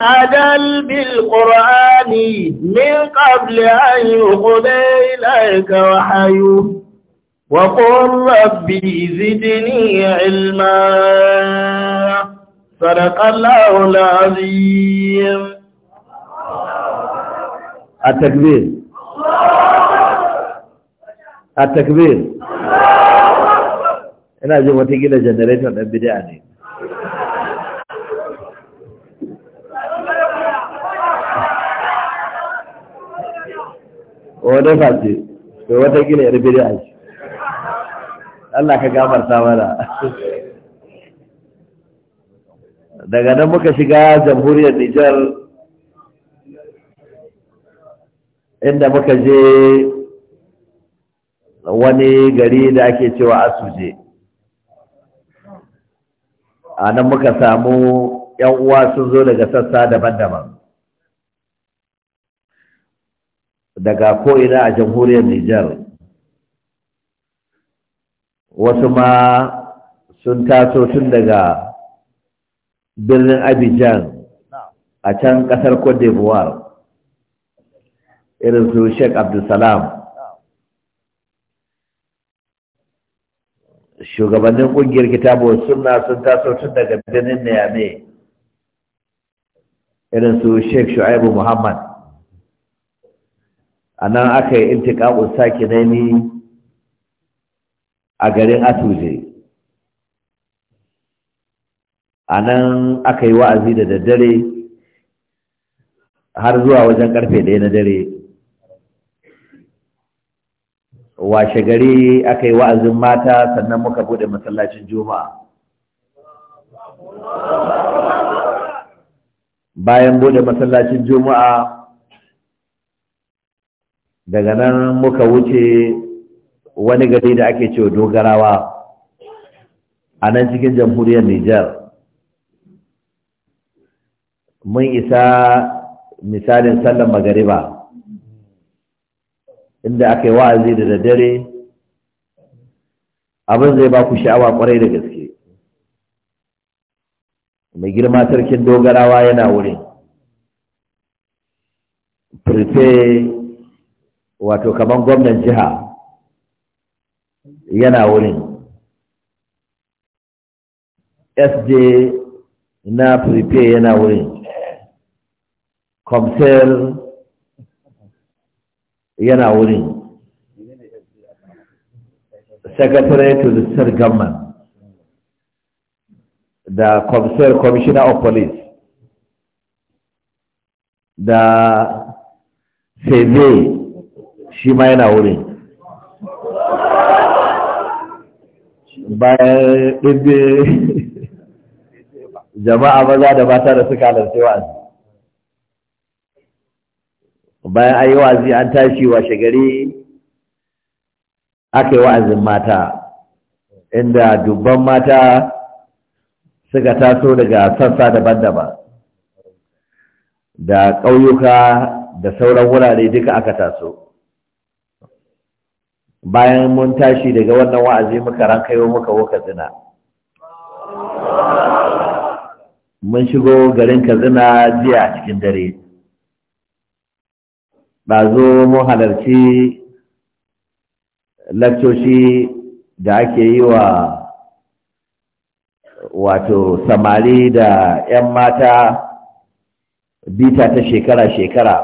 أجل بالقرآن من قبل أن يقضي إليك وحي وقل ربي زدني علما صدق الله العظيم التكبير التكبير ina jin wata gida generator ɗan wadda fashe to wata gina yar bid'a ce Allah ka gafarta mana daga nan muka shiga jamhuriyar Nijar inda muka je wani gari da ake cewa Asuje a nan muka samu 'yan uwa sun zo daga sassa daban-daban daga ko'ina a jamhuriyar Nijar. Wasu ma sun taso tun daga birnin Abidjan a can ƙasar Côte d'Ivoire, irin su Sheikh Abdulsalam. Shugabannin ƙungiyar kitabu suna sun taso tun daga birnin Niamey, irin su Sheikh Shu'aibu Muhammad. a nan aka yi intiƙaƙun sake nani a garin atuje a nan aka yi wa'azi da daddare har zuwa wajen karfe ɗaya na dare washe gari aka yi wa'azin mata sannan muka bude masallacin juma'a bayan bude masallacin juma'a daga nan muka wuce wani gari da ake cewa dogarawa a nan cikin jamhuriyar Nijar mun isa misalin sallan magariba inda aka yi wa'azi da daddare abin zai ba ku sha'awa kwarai da gaske mai girma sarkin dogarawa yana wurin firfe wato kaman gwamnan jiha yana wurin sj na prepare yana wurin comsel yana wurin secretary to the state government da comsel commissioner of police da seve shi ma yana wurin bayan ɗinɗe jama'a maza da mata da suka halarci wa'azi bayan an yi wa'azi an tashi washe gari aka yi wa'azin mata inda dubban mata suka taso daga sassa daban-daban da ƙauyuka da sauran wurare duka aka taso bayan mun tashi daga wannan wa'azi muka rankayo muka wo katsina mun shigo garin katsina jiya cikin dare ba zo mun halarci lakcoci da ake yi wa wato samari da 'yan mata bita ta shekara-shekara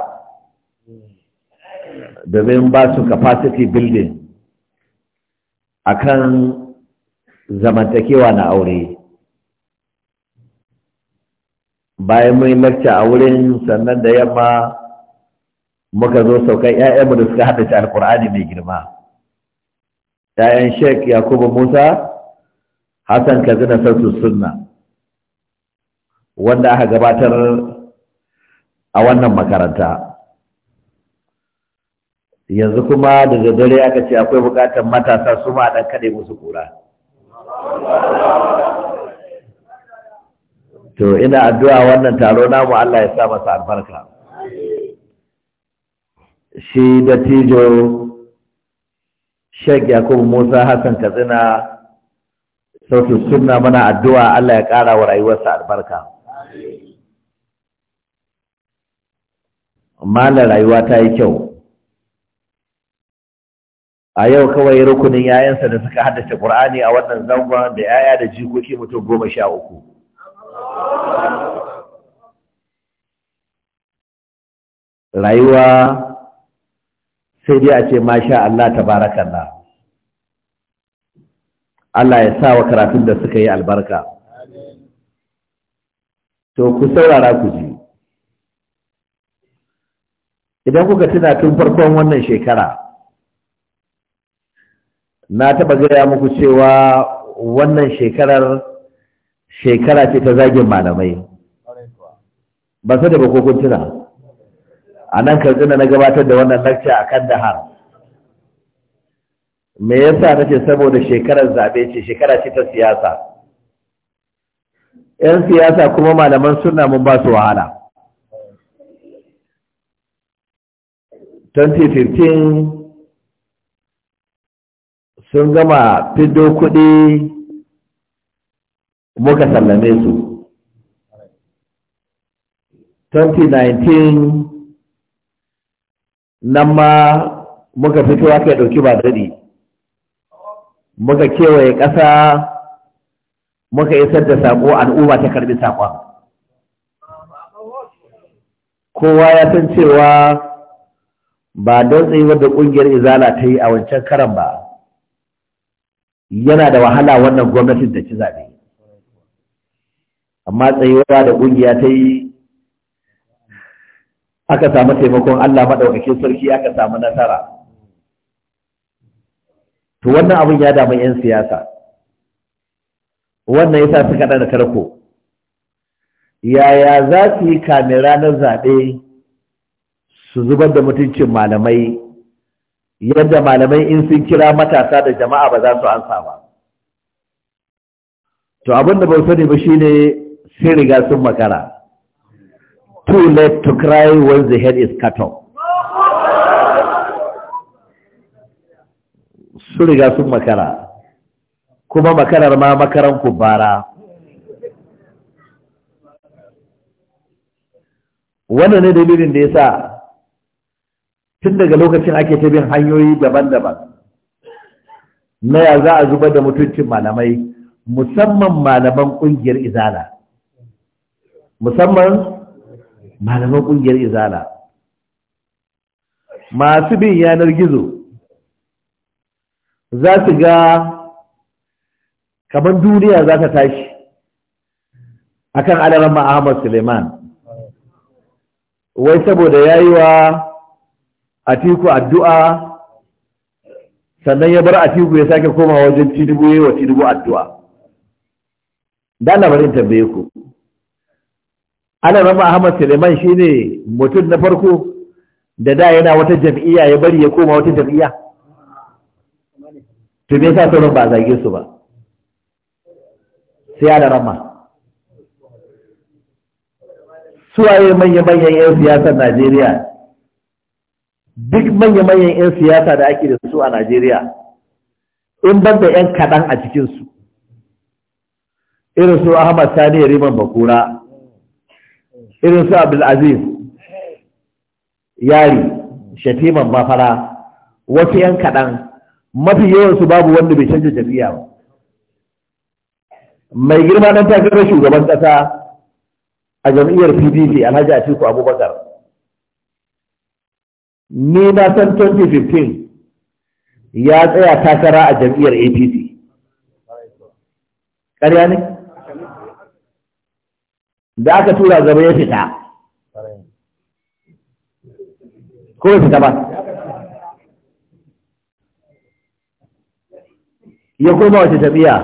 domin ba su capacity building akan zamantakewa na aure bayan mun lakca a wurin sannan da yamma muka zo saukan ‘ya'yanmu da suka haddace alkur'ani mai girma ‘ya'yan sheik yakubu musa hassan kazina sassu sunna wanda aka gabatar a wannan makaranta yanzu kuma da dare aka ce akwai bukatar matasa su ma dan kade musu kura to ina addu'a wannan taro namu Allah ya sa masa albarka shi da tijo Sheikh Yakubu Musa Hassan Katsina sautin sunna mana addu'a Allah ya ƙara wa rayuwarsa albarka. Malar rayuwa ta yi kyau, a yau kawai rukunin yayansa da suka haddace Qur'ani a wannan zangon da yaya da jikoki mutum goma sha uku. Rayuwa sai dai a ce masha Allah na. Allah ya sa wa karatun da suka yi albarka. To ku saurara ku ji. Idan kuka tuna tun farkon wannan shekara, na taɓa gaya muku cewa wannan shekarar shekara ce ta zagin malamai ba su da ba tuna a nan katsina na gabatar da wannan lakca a kan dahar me yasa na ce saboda shekarar zaɓe ce shekara ce ta siyasa 'yan siyasa kuma malaman suna mun ba su wahala 2015 sun gama fido kuɗi muka sallame su 2019 nan ma muka fito aka ɗauki ba daɗi muka kewaye ƙasa muka isar da saƙo al'umma ta karbi saƙon kowa ya san cewa ba don tsayi wadda ƙungiyar izala ta yi a wancan karan ba yana da wahala wannan gwamnatin ta ci zaɓe amma tsayuwa da ƙungiya ta yi aka samu taimakon Allah maɗaukakin sarki aka samu nasara to wannan abin ya damu 'yan siyasa wannan ya yasa suka da tarko yaya za su yi kamera na zaɓe su zubar da mutuncin malamai yadda malamai in sun kira matasa da jama'a ba za su ansa ba to abin da sani ba shine sun riga sun makara too late to cry when the head is cut off sun riga sun makara kuma makarar ma makaran kubara wannan ne dalilin da ya sa tun daga lokacin ake ta bin hanyoyi daban-daban na ya za a zubar da mutuncin malamai musamman malaman ƙungiyar izala musamman malaman ƙungiyar izala masu bin yanar gizo za su ga kamar duniya za ta tashi akan alamar Ahmad suleiman wai saboda yayi wa atiku addu'a sannan ya bar atiku ya sake koma wajen tinubu ya yi wa tinubu addu'a da labarin tambaye ku ana rama ahmad suleiman shine mutum na farko da da yana wata jam'iyya ya bari ya koma wata jam'iyya to me yasa sauran ba a zage su ba sai ana rama suwaye manya-manyan 'yan siyasar najeriya duk manya-manyan 'yan siyasa da ake da su a Najeriya in ban da 'yan kaɗan a cikinsu irin su Ahmad Sani Riman Bakura irin su Abdulaziz Yari Shatiman Mafara wasu 'yan kaɗan mafi yawansu babu wanda bai canza tafiya ba mai girma ɗan takarar shugaban ƙasa a jam'iyyar PDP Alhaji Atiku Abubakar ni na san 2015 ya tsaya takara a jam'iyyar apc ƙarya ne da aka tura gaba ya fita ko ya fita ba ya koma wace tafiya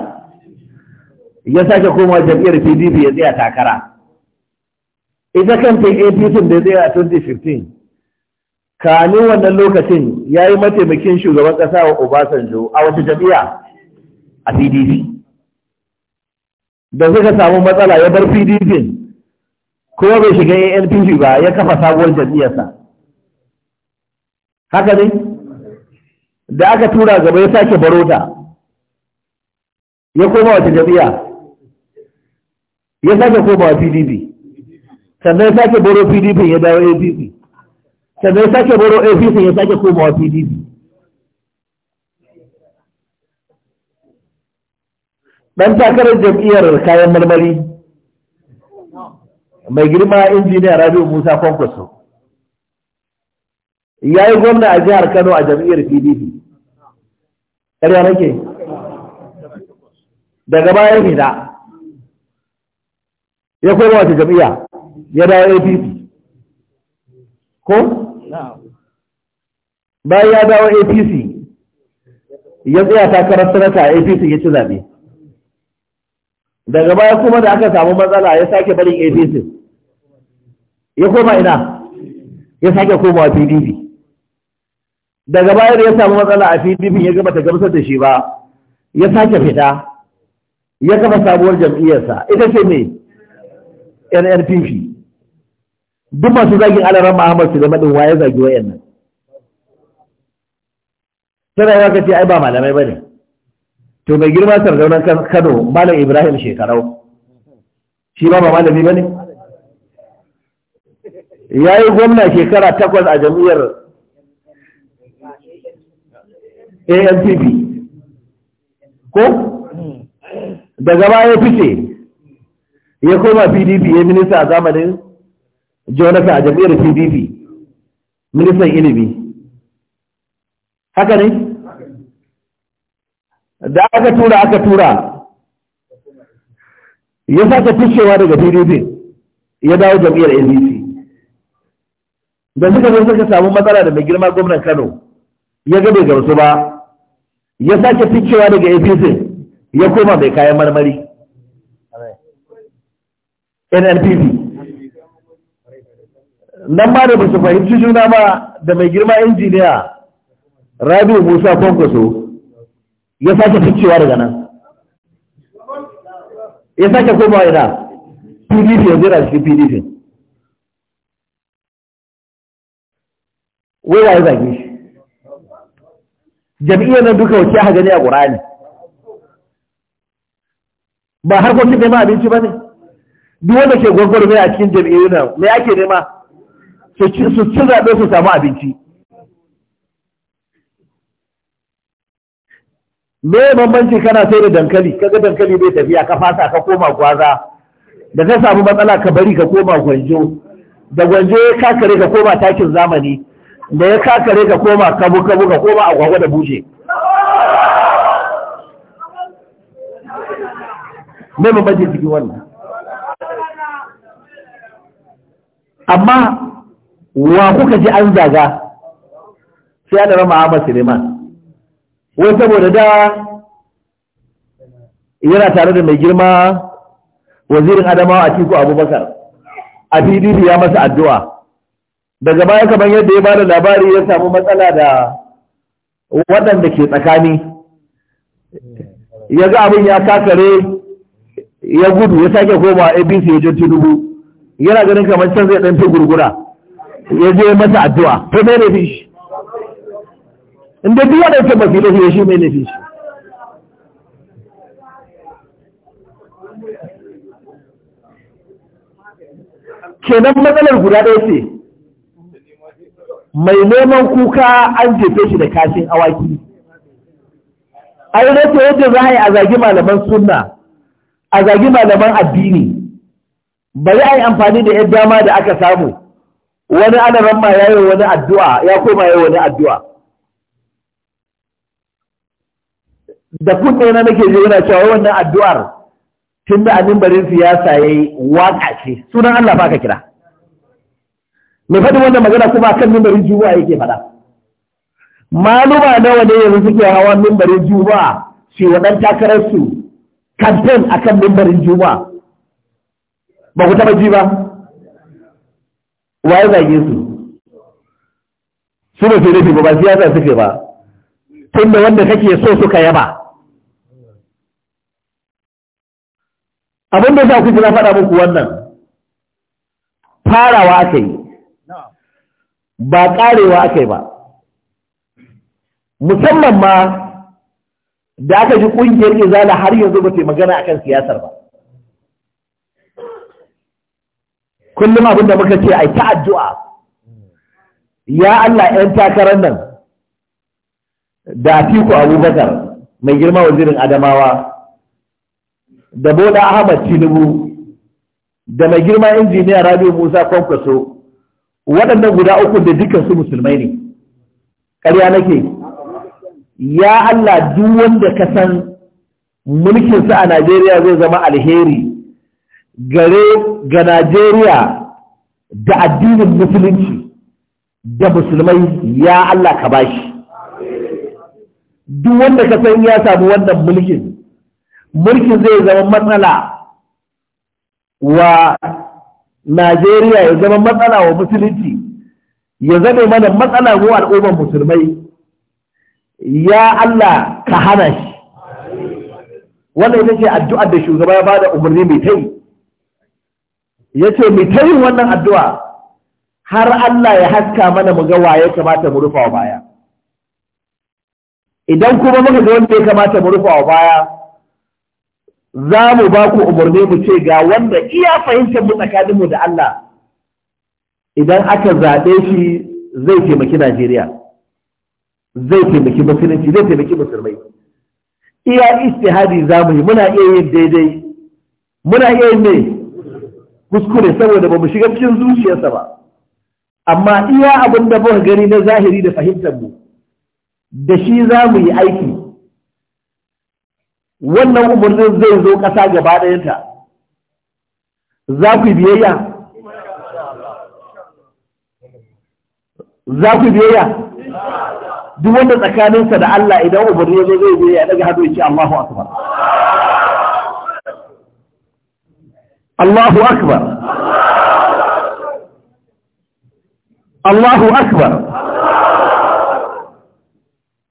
ya sake koma jam'iyyar pdp ya tsaya takara ita kan apc da ya tsaya a 2015 kani wannan lokacin ya yi mataimakin shugaban ƙasa wa Obasanjo a wata jami'a a PDP. Da suka samu matsala ya bar PDP kuma bai shiga ANPP ba ya kafa sabuwar jami'arsa. Haka ne? Da aka tura gaba ya sake barota ya koma wata jami'a ya sake koma wa PDP sannan ya sake baro PDP ya dawo APP. sannan sake baro APC ya sake komawa PDP Ɗan takarar jam'iyyar kayan marmari mai girma injiniya rabiu musa kwankwaso ya yi gwamna a jihar kano a jam'iyyar pdp ƙarya nake daga bayan hida ya koma wata jam'iyya ya dawo apc ko bayan ya dawo apc ya tsaya takarar sanata a apc ya ci zaɓe daga baya kuma da aka samu matsala ya sake barin apc ya koma ina ya sake komawa pdp daga baya da ya samu matsala a pdp ya gaba ta gamsar da shi ba ya sake fita ya gaba sabuwar jam'iyyarsa ita ce mai nnpp duk masu zagin alaran Muhammad su da din waye zagi wayannan tana ya kace ai ba malamai bane to mai girma sardaunan Kano Malam Ibrahim Shekarau shi ba ba malami bane yayi gwamna shekara takwas a jam'iyyar ANPP ko daga baya fice ya koma PDP ya minista a zamanin jonathan a jam'iyyar pdp ministan ilimi haka ne da aka tura aka tura ya sake fushewa daga pdp ya dawo jam'iyyar ndc da suka zo suka samu matsala da mai girma gwamnan kano ya ga bai gamsu ba ya sake fushewa daga apc ya koma mai kayan marmari nnpp nan ma da basu fahimci juna ba da mai girma injiniya rabi musa kwankwaso ya sake ficewa daga nan ya sake koma ina pdp ya zira cikin pdp wai ya zage shi jam'iyyar nan duka wace haka gani a ƙurani ba har harkokin nema abinci ba ne duk wanda ke gwagwarmai a cikin jam'iyyar nan mai ake nema su ci zaɓe su samu abinci me bambanci kana sai da dankali kaga dankali bai tafiya ka fasa ka koma gwaza da ka samu matsala ka bari ka koma gwanjo da gwanjo ya kakare ka koma takin zamani da ya kakare ka koma kabu kabu ka koma agwagwa da buje. me bambanci cikin wannan amma wa kuka ji an zaga sai ana rama Ahmad Suleiman wai saboda da yana tare da mai girma wazirin Adamawa Atiku Abubakar a PDP ya masa addu'a daga baya kamar yadda ya bada labari ya samu matsala da waɗanda ke tsakani ya ga abin ya kakare ya gudu ya sake koma abc ya jirgin dubu yana ganin kamar can zai ɗan fi gurgura ya je masa addu'a to mai laifin shi inda duk wanda yake mafi laifin shi mai laifin shi kenan matsalar guda ɗaya ce mai neman kuka an jefe shi da kashin awaki ai rasa yadda za a yi a zagi malaman sunna a zagi malaman addini bari a yi amfani da 'yan dama da aka samu wani adaban ma ya yi wani addu'a ya koma ya yi wani addu'a da kuɗe na nake ji yana cewa wannan addu'ar tun da abin barin siyasa ya yi waka ce sunan Allah ba ka kira mai faɗi wanda magana kuma kan mimbarin juma'a yake faɗa maluma nawa ne yanzu suke hawa mimbarin juma'a su wa takararsu kamfen a kan mimbarin juma'a ba ku taɓa ji ba waye zage su su ne ke nufi ba siyasa suke ba tun da wanda kake so suka yaba abin da za ku na faɗa muku wannan farawa aka yi ba ƙarewa aka ba musamman ma da aka ji ƙungiyar izala har yanzu ba ta magana akan siyasar ba kullum abin da muka ce a ta addu'a ya Allah ‘yan takarar nan da Atiku Abubakar mai girma wazirin Adamawa da Bola Ahmad Tinubu da mai girma injiniya Rabiu Musa Kwankwaso waɗannan guda uku da dukkan su musulmai ne ƙarya nake ya Allah duk wanda ka san mulkinsa a Najeriya zai zama alheri gare ga Najeriya da addinin musulunci da musulmai ya Allah ka bashi duk wanda ka san ya samu wannan mulkin mulkin zai zama matsala wa Najeriya ya zama matsala wa musulunci ya zama mana matsala wa al'ummar musulmai ya Allah ka hana shi wannan ita ce addu'ar da shugaba ya bada umarni mai tai Ya ce mu ta yin wannan addu'a har Allah ya haska mana mu ga waye kamata mu rufa wa baya idan kuma muka ga wanda ya kamata mu rufa wa baya za mu ba ku umarni mu ce ga wanda iya fahimtar mu tsakanin da Allah idan aka zaɓe shi zai taimaki Najeriya zai taimaki musulunci zai taimaki musulmai iya istihadi za mu yi muna iya yin daidai muna iya yin ne kuskure saboda ba mu shiga cikin zuciyarsa ba amma iya abin da muka gani na zahiri da fahimtar mu da shi za mu yi aiki wannan umarnin zai zo ƙasa gaba ɗayanta za ku biyayya za ku biyayya duk wanda tsakaninsa da Allah idan umarni ya zo zai biyayya daga hadu ya ce Allahu akbar الله أكبر الله أكبر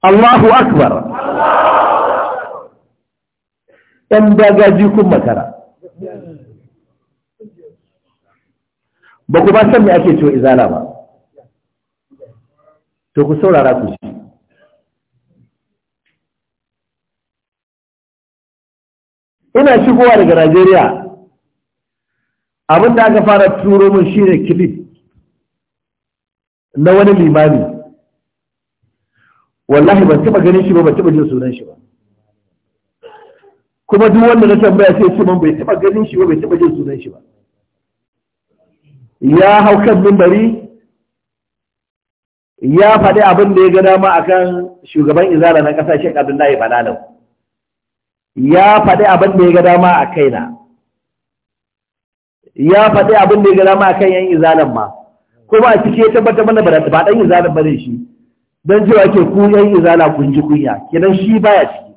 الله أكبر ‘yan dagaji kun makara ba ku ba san me ake cewa izala ba to ku saurara ku ci ina shigowa daga Najeriya abin da aka fara turo min shi ne kilif na wani limami wallahi ban taba ganin shi ba ban taba jin sunan shi ba kuma duk wanda na tambaya sai su man bai taba ganin shi ba bai taba jin sunan shi ba ya hau kan mimbari ya faɗi abin da ya ga dama akan shugaban izara na ƙasashen abdullahi balalau ya faɗi abin da ya ga dama a kaina ya faɗi abin da ya gara ma kan yan izalan ma kuma a ciki ya tabbatar mana ba ɗan izalan bane shi don cewa ke ku yan izala kun ji kunya kenan shi baya ciki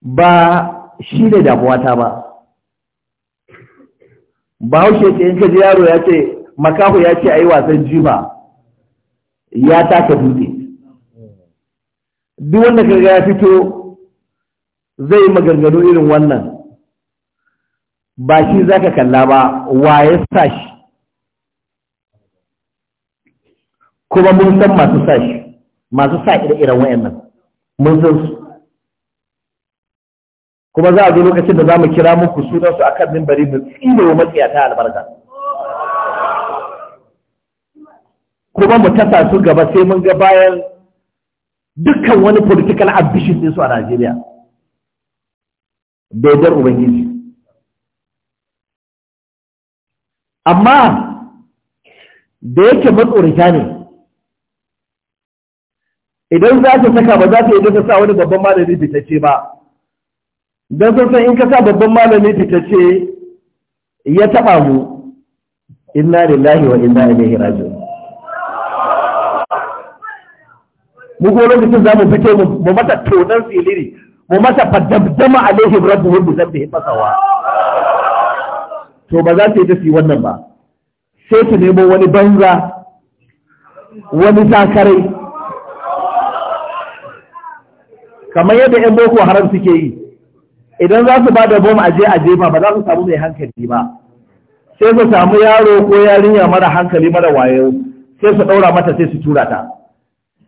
ba shi ne damuwata ba ba ce in kaji yaro ya ce makahu ya ce a yi wasan jima ya taka dutse duk wanda kaga ya fito zai maganganu irin wannan ba shi za ka kalla ba waye shi kuma mun san masu shi masu sa ire-iren wayannan mun san su kuma za a zo lokacin da za mu kira muku sunansu a kan mimbari mu tsinewa wa ta albarka kuma mu tasa su gaba sai mun ga bayan dukkan wani political ambition su a Najeriya. da ubangiji amma da yake matsorita ne idan za ta saka ba za ta yi ta sa wani babban malami fitacce ba don sun san in ka sa babban malami fitacce ya taba mu inna lillahi wa inna ilaihi raji'un mu ko lokacin za mu fito mu mata tonar siliri mu masa fadabdama alaihim rabbuhum bi dhanbihi fasawa to ba za su yi tafi wannan ba sai ta nemo wani banza wani zakarai kamar yadda 'yan boko haram suke yi idan za su ba da bom je a jefa ba za su samu mai hankali ba sai su samu yaro ko yarinya mara hankali mara wayo sai su ɗaura mata sai su tura ta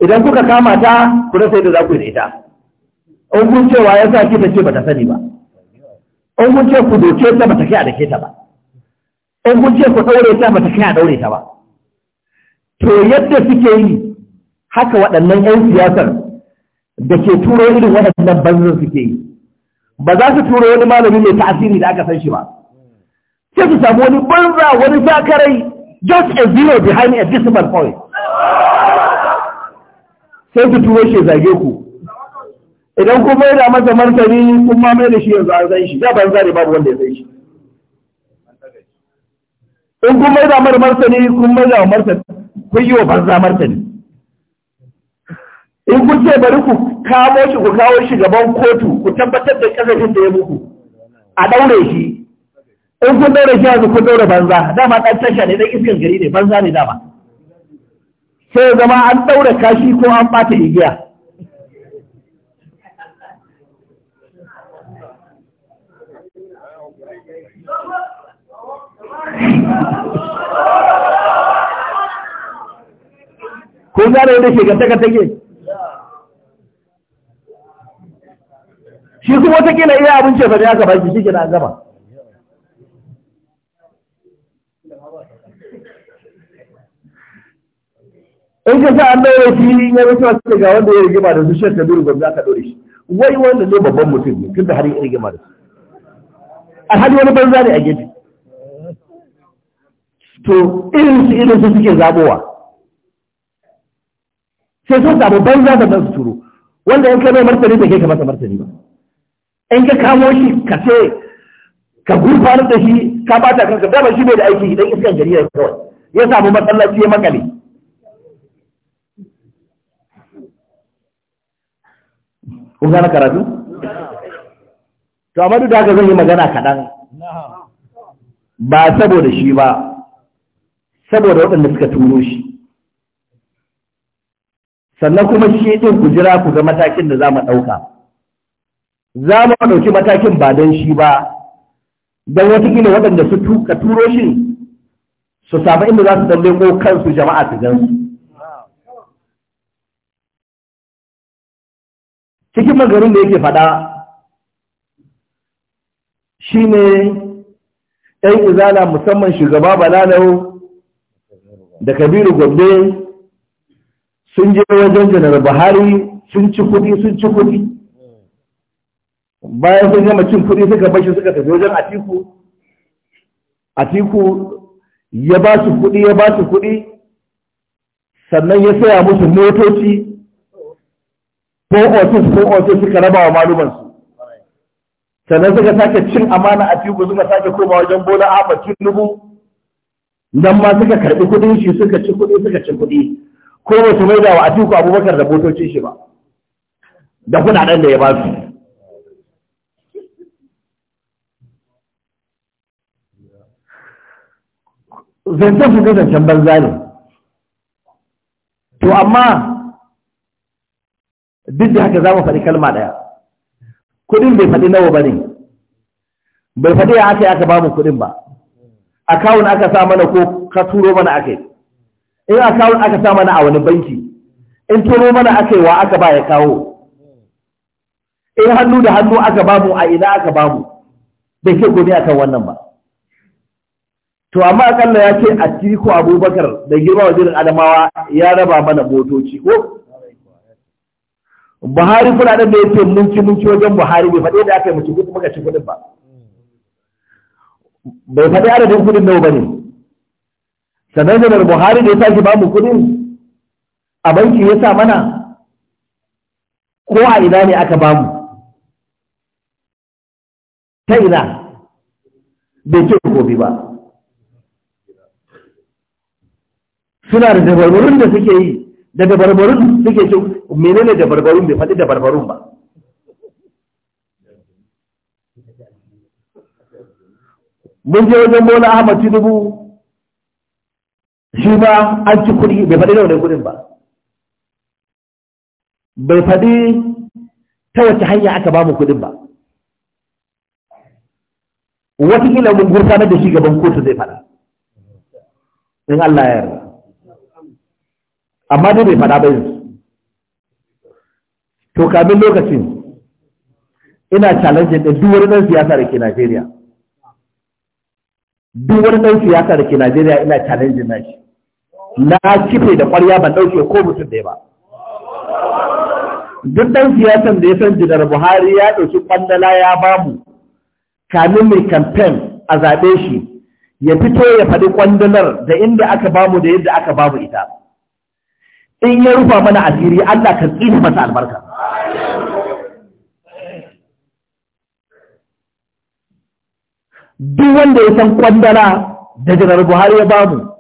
idan kuka kama ta ku sai da za ku yi da ita in kun cewa ya sa ki ta ce bata sani ba in kun ce ku doke ta bata kai a dake ta ba in kun ce ku daure ta bata kai a daure ta ba to yadda suke yi haka waɗannan 'yan siyasar da ke turo irin waɗannan banzan suke yi ba za su turo wani malami mai tasiri da aka san shi ba sai su samu wani banza wani zakarai just a zero behind a decimal point sai su turo shi zage ku idan kun mai da masa martani kun ma mai da shi yanzu an san shi da ban zare babu wanda ya san shi in kun mai da mara martani kun mai da martani kun yi wa banza martani in kun ce bari ku kamo shi ku kawo shi gaban kotu ku tabbatar da kasashen da ya muku a daure shi in kun daure shi yanzu kun daure banza dama dan tasha ne dan iskan gari ne banza ne dama sai zama an daure kashi ko an bata igiya ko gane wanda shekartaka take shi kuma wata kila iya abin ce fa ya gaba shi shi na gaba in ka sa an daure shi ya mutu wasu daga wanda ya rigima da su ta biyu gwamna aka daure shi wai wanda ne babban mutum ne tunda har ya rigima da su alhali wani banza ne a gefe to irin su irin su suke zabowa sai sun samu banza da su turo wanda in kai mai martani da kai ka masa martani ba in ka kamo shi ka ce ka gurfanar da shi ka ba ta kanka dama shi bai da aiki idan iskan gari ya kawai ya samu matsalaci ya makale kun gane karatu to amma duk da haka zan yi magana kaɗan ba saboda shi ba saboda waɗanda suka turo shi sannan kuma shi ɗin ku jira ku ga matakin da za mu ɗauka za mu ɗauki matakin ba don shi ba don gina waɗanda su tuka turo shi su samu inda za su dalle ko kansu jama'a su gansu cikin magarin da yake faɗa shi ne ‘yan izala musamman shugaba balalau da kabiru gombe sun je wajen janar buhari sun ci kudi sun ci kudi bayan sun gama cin kudi suka bashi suka tafi wajen atiku atiku ya ba su kudi ya ba su kudi sannan ya saya musu motoci ko otis ko otis suka raba wa malumansu sannan suka sake cin amana a tiku suka sake koma wajen bola ahmad tinubu nan ma suka karbi kudin shi suka ci kudi suka ci kudi ko ba su maida wa tuku abubakar da motocin shi ba da kudaden da ya ba su zancen su can banza ne to amma duk da haka za mu faɗi kalma ɗaya kudin bai faɗi nawa ba ne bai faɗi ya aka yi aka ba mu kudin ba akawun aka sa mana ko ka turo mana aka yi in akawun aka sa mana a wani banki in turo mana aka yi wa aka ba ya kawo in hannu da hannu aka bamu a ina aka bamu bai ke gobe akan wannan ba to amma akalla ya ce a ko abubakar da girma jirin adamawa ya raba mana motoci ko buhari kudaden da ya ce munci munci wajen buhari bai faɗi da aka yi mutu kuma ka ci kuɗin ba bai faɗi adadin kuɗin nawa ba ne sannan da buhari da ya sake ba mu kudin a banki ya sa mana ko a ina ne aka ba mu ta ina bai ce gobe ba suna da dabarbarun da suke yi da dabarbarun suke ce menene dabarbarun bai faɗi dabarbarun ba mun je wajen bola ahmad tinubu shi ba an ci kuɗi bai faɗi da wani kuɗin ba bai faɗi ta wace hanya aka ba mu kuɗin ba watakila mun gurfanar da shi gaban kotu zai faɗa in Allah ya yarda amma dai bai faɗa ba yanzu to kamin lokacin ina challenge da duk wani ɗan siyasa da ke Najeriya duk wani ɗan siyasa da ke Najeriya ina challenge na shi na kife da ƙwarya ban ɗauke ko mutum da ɗaya ba duk ɗan siyasan da ya san jinar buhari ya ɗauki ƙwandala ya ba mu kamin mai kamfen a zaɓe shi ya fito ya faɗi ƙwandalar da inda aka ba mu da yadda aka ba mu ita in ya rufa mana asiri allah ka tsini masa albarka duk wanda ya san ƙwandala da jinar buhari ya ba mu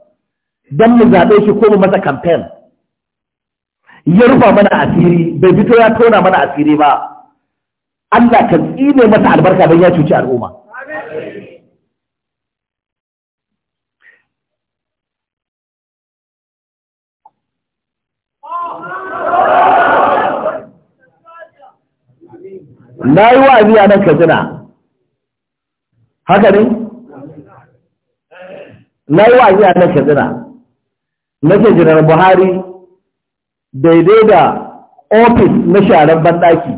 don mu zaɓe shi ko mu masa kamfen ya rufa mana asiri bai fito ya tona mana asiri ba Allah ka tsine masa albarka don ya cuci al'umma na yi wa a nan katsina haka ne na yi wa a nan katsina nake jiran buhari daidai da ofis na sharar banɗaki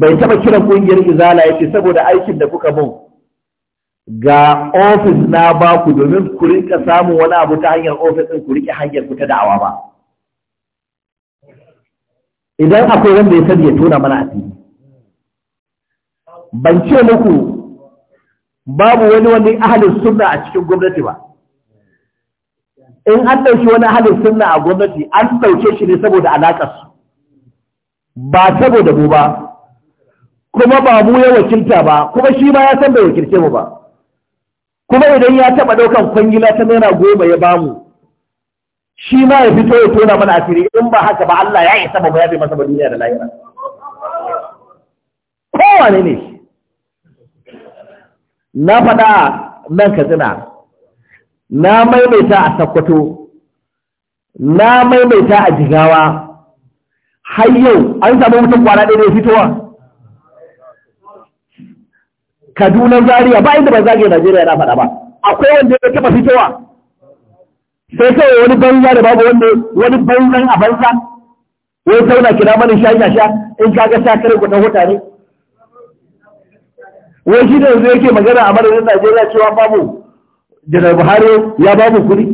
bai taɓa kiran ƙungiyar izala yake saboda aikin da kuka mun ga ofis na baku domin ku rika samun wani abu ta hanyar ofis ɗin ku rike hanyar ku ta da'awa ba idan akwai wanda ya sani ya tona mana asiri ban ce muku babu wani wani ahalin sunna a cikin gwamnati ba in an ɗauki wani halin sunna a gwamnati an ɗauke shi ne saboda su. ba saboda mu ba kuma ba mu ya wakilta ba kuma shi ma ya san bai wakilce mu ba kuma idan ya taɓa ɗaukan kwangila ta naira goma ya bamu shi ma ya fito ya tona mana asiri in ba haka ba Allah ya isa ba mu fi masa ba duniya da lahira kowane ne na faɗa nan katsina na maimaita a sakwato na maimaita a jigawa har yau an samu mutum kwana ɗaya da fitowa kaduna Zariya ba inda ban zage najeriya na faɗa ba akwai wanda ya taɓa fitowa sai kawai wani banza da babu wanda wani banzan a banza wai sauna kira mana sha sha sha in kaga sha kare kuɗin huta ne wai shi da yanzu yake magana a madadin najeriya cewa babu janar buhari ya ba mu kuɗi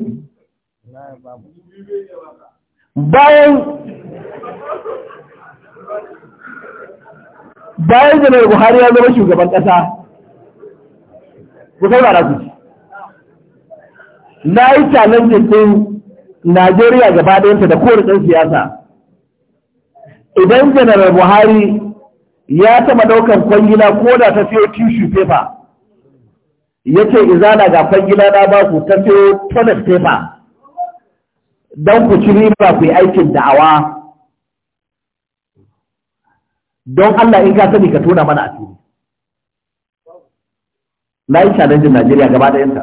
bayan bayan janar buhari ya zama shugaban ƙasa ku sai ku na yi challenge ɗin najeriya gaba ɗayanta da kowace ɗan siyasa idan janar buhari ya taɓa ɗaukar kwangila ko da ta fiye tissue paper Ya ce, izana ga fangila na ba ku ta fiye toilet paper don ku ci riba ku yi aikin da'awa don Allah in ka sani ka tona mana a na yi challenge Najeriya gaba da yanta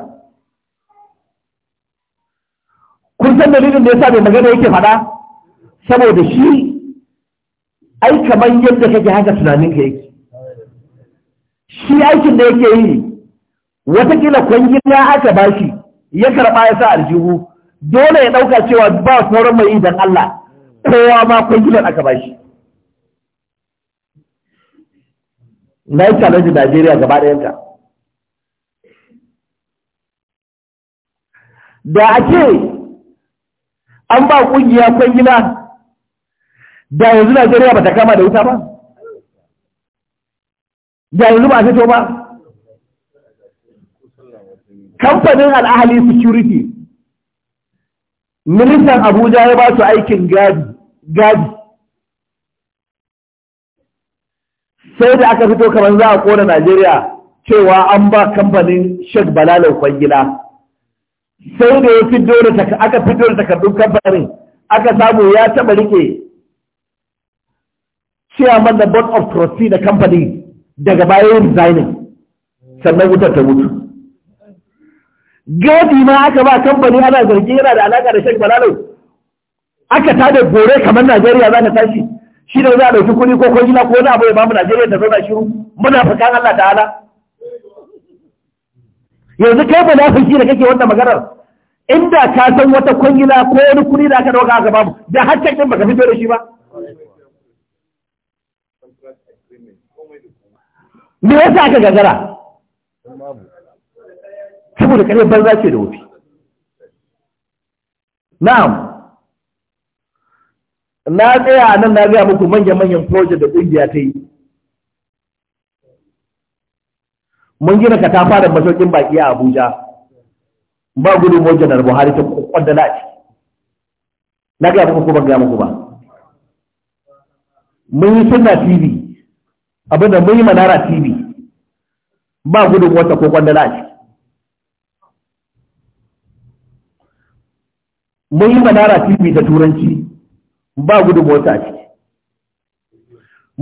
kun san dalilin da ya sa mai magana yake faɗa saboda shi ai kamar yadda kake haka tunaninka ka yake shi aikin da yake yi watakila kwangila aka bashi ya karɓa ya sa aljihu dole ya ɗauka cewa ba sauran mai idan Allah kowa ma kwangilar aka bashi na yi challenge Najeriya gaba yanka da a ce an ba ƙungiya kwangila da yanzu Najeriya ba ta kama da wuta ba da yanzu ba a fito ba kamfanin al'ahali security ministan abuja ya ba su aikin gadi sai da aka fito kamar za a kona najeriya cewa an ba kamfanin shek balala kwangila sai da ya fito da aka fito da takardun kamfanin aka samu ya taba rike chairman da board of trustee da kamfanin daga bayan resigning sannan wutar ta mutu gadi ma aka ba kamfani ana zargi yana da alaka da shek balalo aka tada gore kamar najeriya za ta tashi shi da za a ɗauki kuɗi ko kwangila ko wani abu ya bamu najeriya ta zauna shiru muna fakan allah ta'ala yanzu kai na fashi da kake wannan maganar inda ka san wata kwangila ko wani kuɗi da aka ɗauka aka bamu da hakkan ɗin baka fito da shi ba me yasa aka gagara saboda kare banza ce da wufi na'am na tsaya nan na gaya muku manya-manyan project da ƙungiya ta yi mun gina katafa da masaukin baƙi a abuja ba gudun wajen da buhari ta kwaddala ce na gaya muku kuma gaya muku ba mun yi sunna tv abinda mun yi manara tv ba gudun wata ko kwaddala ce mun yi manara tv da turanci ba gudu mota a ciki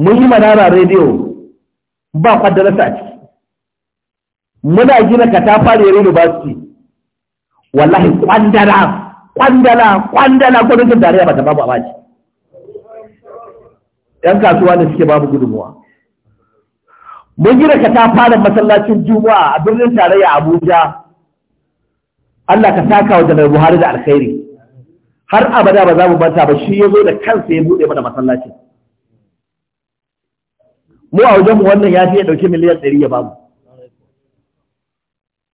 mun yi manara rediyo ba kwaddarasa a ciki muna gina su university wallahi kwandala kwandala kwandala gwamnatin dariya ba ta babu abaci yan kasuwa da suke babu gudunmuwa mun gina katafarin da masallacin juma'a a birnin tarayya abuja allah ka saka wa janar buhari da alkhairi har abada ba za mu manta ba shi ya zo da kansa ya buɗe mana masallaci mu a wajenmu wannan ya fi ya ɗauki miliyan ɗari ya bamu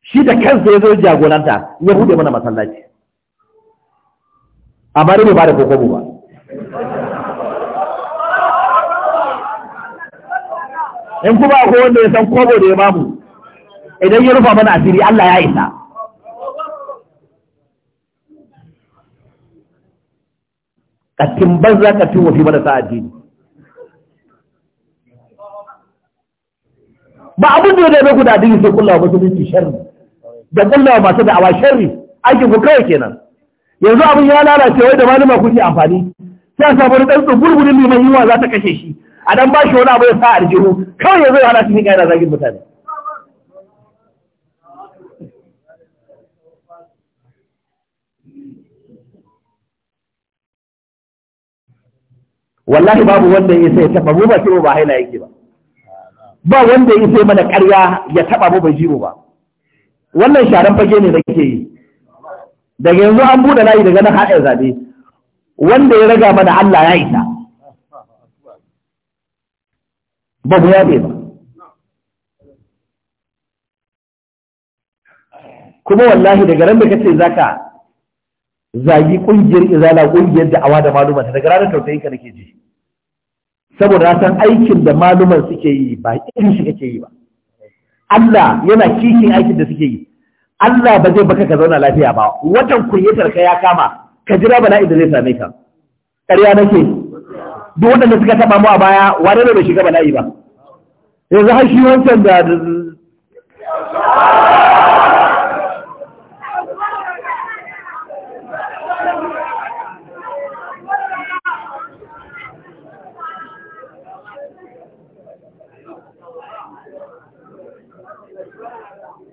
shi da kansa ya zo jagoranta ya buɗe mana masallaci amma ne ba da kokobo ba in kuma akwai wanda ya san kobo da ya bamu idan ya rufa mana asiri Allah ya isa ƙattin banza ƙattin wafi marasa addini ba abin da ya dame ku da addini sai kullawa ba musulunci sharri da kullawa masu awa sharri aikin ku kawai kenan yanzu abin ya lalace wai da malama kuke amfani sai a samu ɗan tsugurgurin neman yiwa za ta kashe shi a dan ba shi wani abu ya sa aljihu kawai yanzu ya hana shi ne yana zagin mutane wallahi babu wanda ya sai taba mu ba kiro ba haila yake ba ba wanda ya sai mana ƙarya ya taɓa mu ba jiro ba wannan sharan fage ne da kake yi daga yanzu an buɗe layi daga nan haɗa zaɓe wanda ya raga mana Allah ya isa ba mu yabe ba kuma wallahi daga ran da kace zaka zagi ƙungiyar izala kungiyar da'awa da maluma ta daga ranar tausayin ka nake ji saboda na san aikin da maluman suke yi ba irin shi kake yi ba Allah yana kishin aikin da suke yi Allah ba zai baka ka zauna lafiya ba watan kunyatar ka ya kama ka jira bala'i da zai same ka ƙarya nake duk wanda suka taba mu a baya wane ne bai shiga bala'i ba yanzu har shi wancan da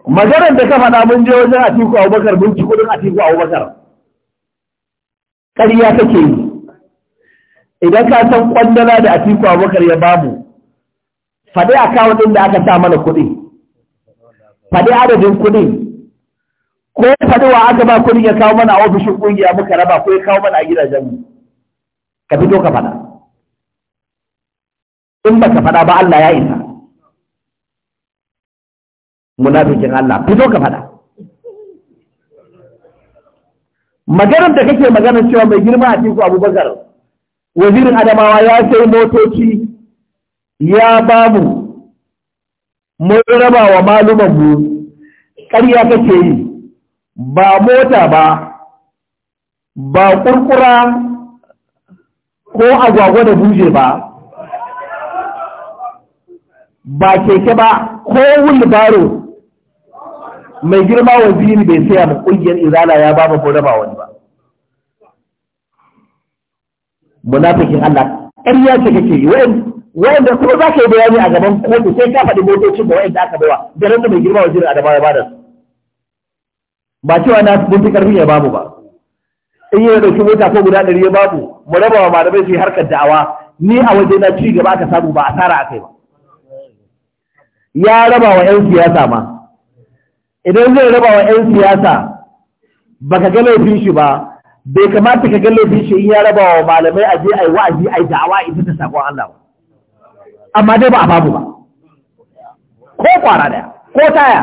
maganar da ka faɗa mun je wajen Atiku Abubakar mun ci kudin Atiku Abubakar ƙarya kake yi idan ka san kwandala da Atiku Abubakar ya bamu faɗi akawun ɗin da aka sa mana kuɗi faɗi adadin kuɗi ko faɗi wa aka ba kuɗi ya kawo mana a ofishin ƙungiya muka raba ko ya kawo mana a gidajenmu ka fito ka faɗa in baka faɗa ba Allah ya isa munafikin Allah fito ka faɗa maganar da kake maganar cewa mai girma a cikin abubakar wazirin adamawa ya sai motoci ya bamu. mu mun raba wa malumanmu ƙarya kake yi ba mota ba ba ƙurƙura ko agwagwa da buje ba ba keke ba ko wulbaro mai girma waziri bai saya ma kungiyar izala ya ba ko raba wani ba munafikin Allah ƙarya ce kake yi wa'anda kuma za ka yi bayani a gaban kotu sai ka faɗi motocin da wa'anda aka bawa da ranar mai girma waziri adama ya bada su ba cewa na mun fi ƙarfin ya babu ba in yi ɗauki mota ko guda ɗari ya babu mu raba wa malamai su yi harkar da'awa ni a waje na ci gaba aka samu ba asara akai ba ya raba wa 'yan siyasa ma idan zai raba wa 'yan siyasa ba ka ga laifin shi ba bai kamata ka ga laifin shi in ya raba wa malamai a ai wa'azi yi da'awa ita ta sakon Allah ba amma dai ba a babu ba ko kwara daya ko taya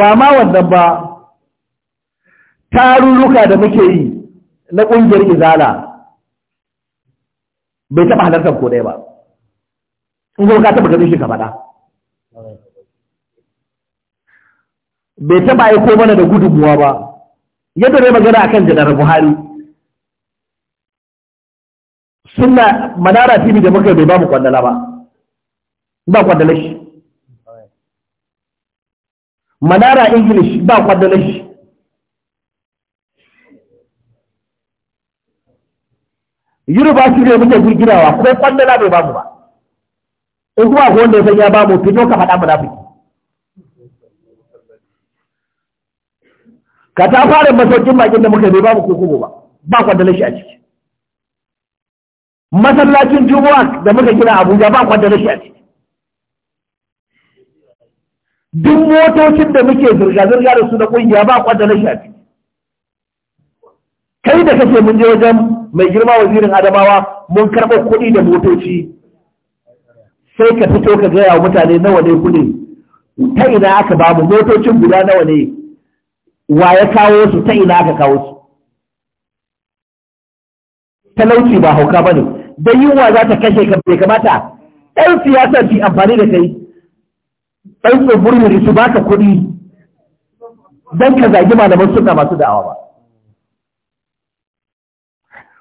ba ma wannan ba tarurruka da muke yi na ƙungiyar izala bai taɓa halartar ko ɗaya ba in kuma ka taɓa ganin shi ka faɗa bai taɓa ko mana da gudunmuwa ba yadda ne magana akan janar buhari suna manara tv da muka bai ba mu kwandala ba ba kwandala shi manara english ba kwandala shi su ne muke girgirawa ko na bai bamu ba in kuma ko wanda ya san ya bamu fito ka faɗa munafiki ka ta fara masaukin bakin da muka bai bamu kokobo ba ba kwandalar shi a ciki masallacin juma'a da muka gina abuja ba kwandalar shi a ciki duk motocin da muke zirga-zirga da su na kungiya ba kwandalar shi a ciki kai da kake mun je wajen mai girma wazirin adamawa mun karɓa kuɗi da motoci sai ka fito ka gaya wa mutane nawa ne kuɗi ta ina aka ba mu motocin guda nawa ne wa ya kawo su ta ina aka kawo su talauci ba hauka ba ne don yunwa za ta kashe ka bai kamata ɗan siyasar fi amfani da kai ɗan tsoburmiri su baka kuɗi don ka zagi malaman suna masu da'awa ba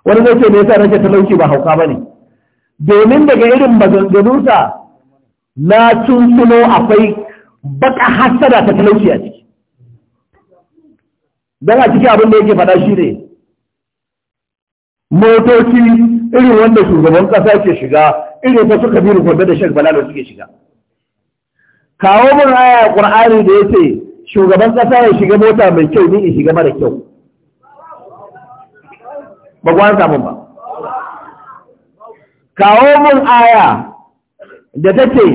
wani zai ce me yasa nake talauci ba hauka ba ne. domin daga irin maganganunsa na tuntuno akwai baka hasada ta talauci a ciki don a ciki abin da yake faɗa shi ne motoci irin wanda shugaban ƙasa ke shiga irin ta suka biyu gobe da shek balalo suke shiga kawo mun aya ƙur'ani da ya ce shugaban ƙasa ya shiga mota mai kyau ni in shiga mara kyau ba ku an ba kawo mun aya da ta ce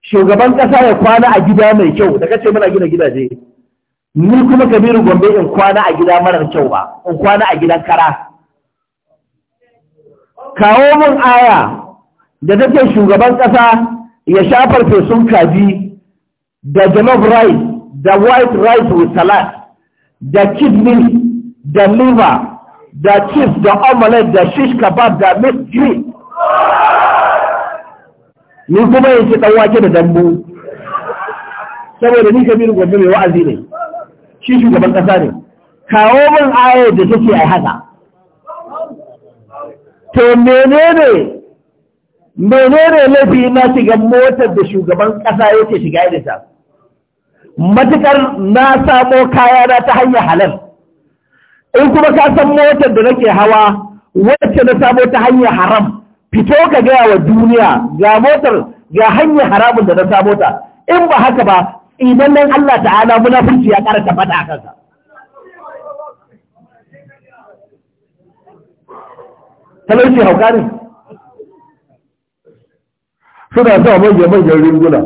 shugaban ƙasa ya kwana a gida mai kyau da kace mana gina gidaje ni kuma kabiru gombe in kwana a gida marar kyau ba in kwana a gidan kara kawo mun aya da ta ce shugaban ƙasa ya sha sun kaji da jollof rice da white rice with salad da kidney da liver da cheese da omelette da shish kebab da meat grill ni kuma yanzu dan wake da dambu saboda ni kabiru gobe mai wa'azi ne shi shugaban kasa ne kawo min ayar da take ai haka to menene menene laifi na shiga motar da shugaban ƙasa yake shiga da matukar na samo kaya na ta hanyar halal in kuma ka san motar da nake hawa wacce na samo ta hanyar haram fito ka gaya wa duniya ga motar ga hanyar haramun da na samo ta in ba haka ba idan nan Allah ta'ala furci ya ƙara ta a kansa talauci hauka ne suna sa manyan manyan ringuna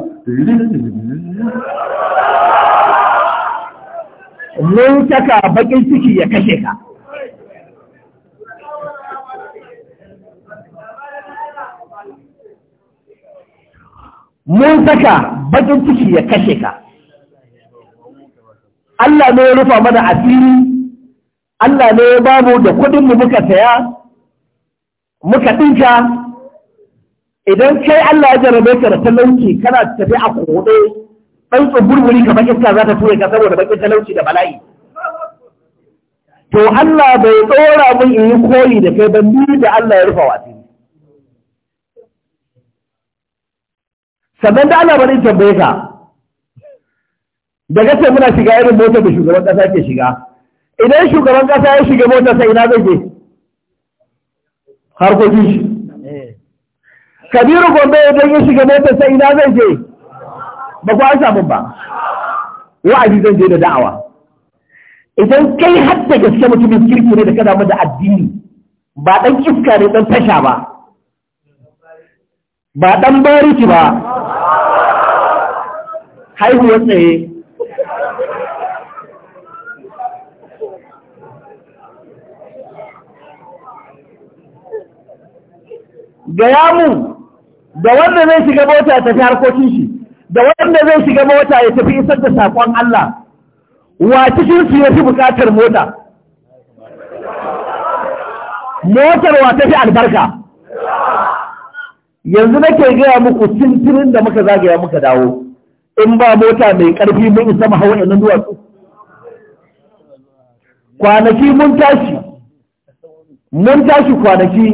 mun saka bakin ciki ya kashe ka mun saka bakin ciki ya kashe ka Allah ne ya rufa mana asiri Allah ne ya babu da kudinmu muka saya muka ɗinka idan kai Allah ya jarabe ka da talauci kana tafi a kuɗe ɗan tsogurguri kamar iska za ta ture ka saboda bakin talauci da bala'i to Allah bai tsora min in yi koyi da kai don ni da Allah ya rufa wasi sannan da Allah bari tambaye ka da gaske muna shiga irin motar da shugaban ƙasa ke shiga idan shugaban ƙasa ya shiga motar sai ina zai je harkokin shi eh. kabiru gombe idan ya shiga motar sai ina zai je ba ku an samu ba wa'azi zan je da da'awa idan kai har da gaske mutumin kirki ne da mu da addini ba dan iska ne dan tasha ba ba dan bariki ba haihuwar tsaye gaya mu da wanda zai shiga bauta ta fi harkokin shi da wanda zai shiga mota ya tafi isar da saƙon Allah wa cikin su ya fi buƙatar mota motar wa ta fi albarka yanzu na ke gaya muku sintirin da muka zagaya muka dawo in ba mota mai ƙarfi mun isa mu hawa innan duwatsu kwanaki mun tashi mun tashi kwanaki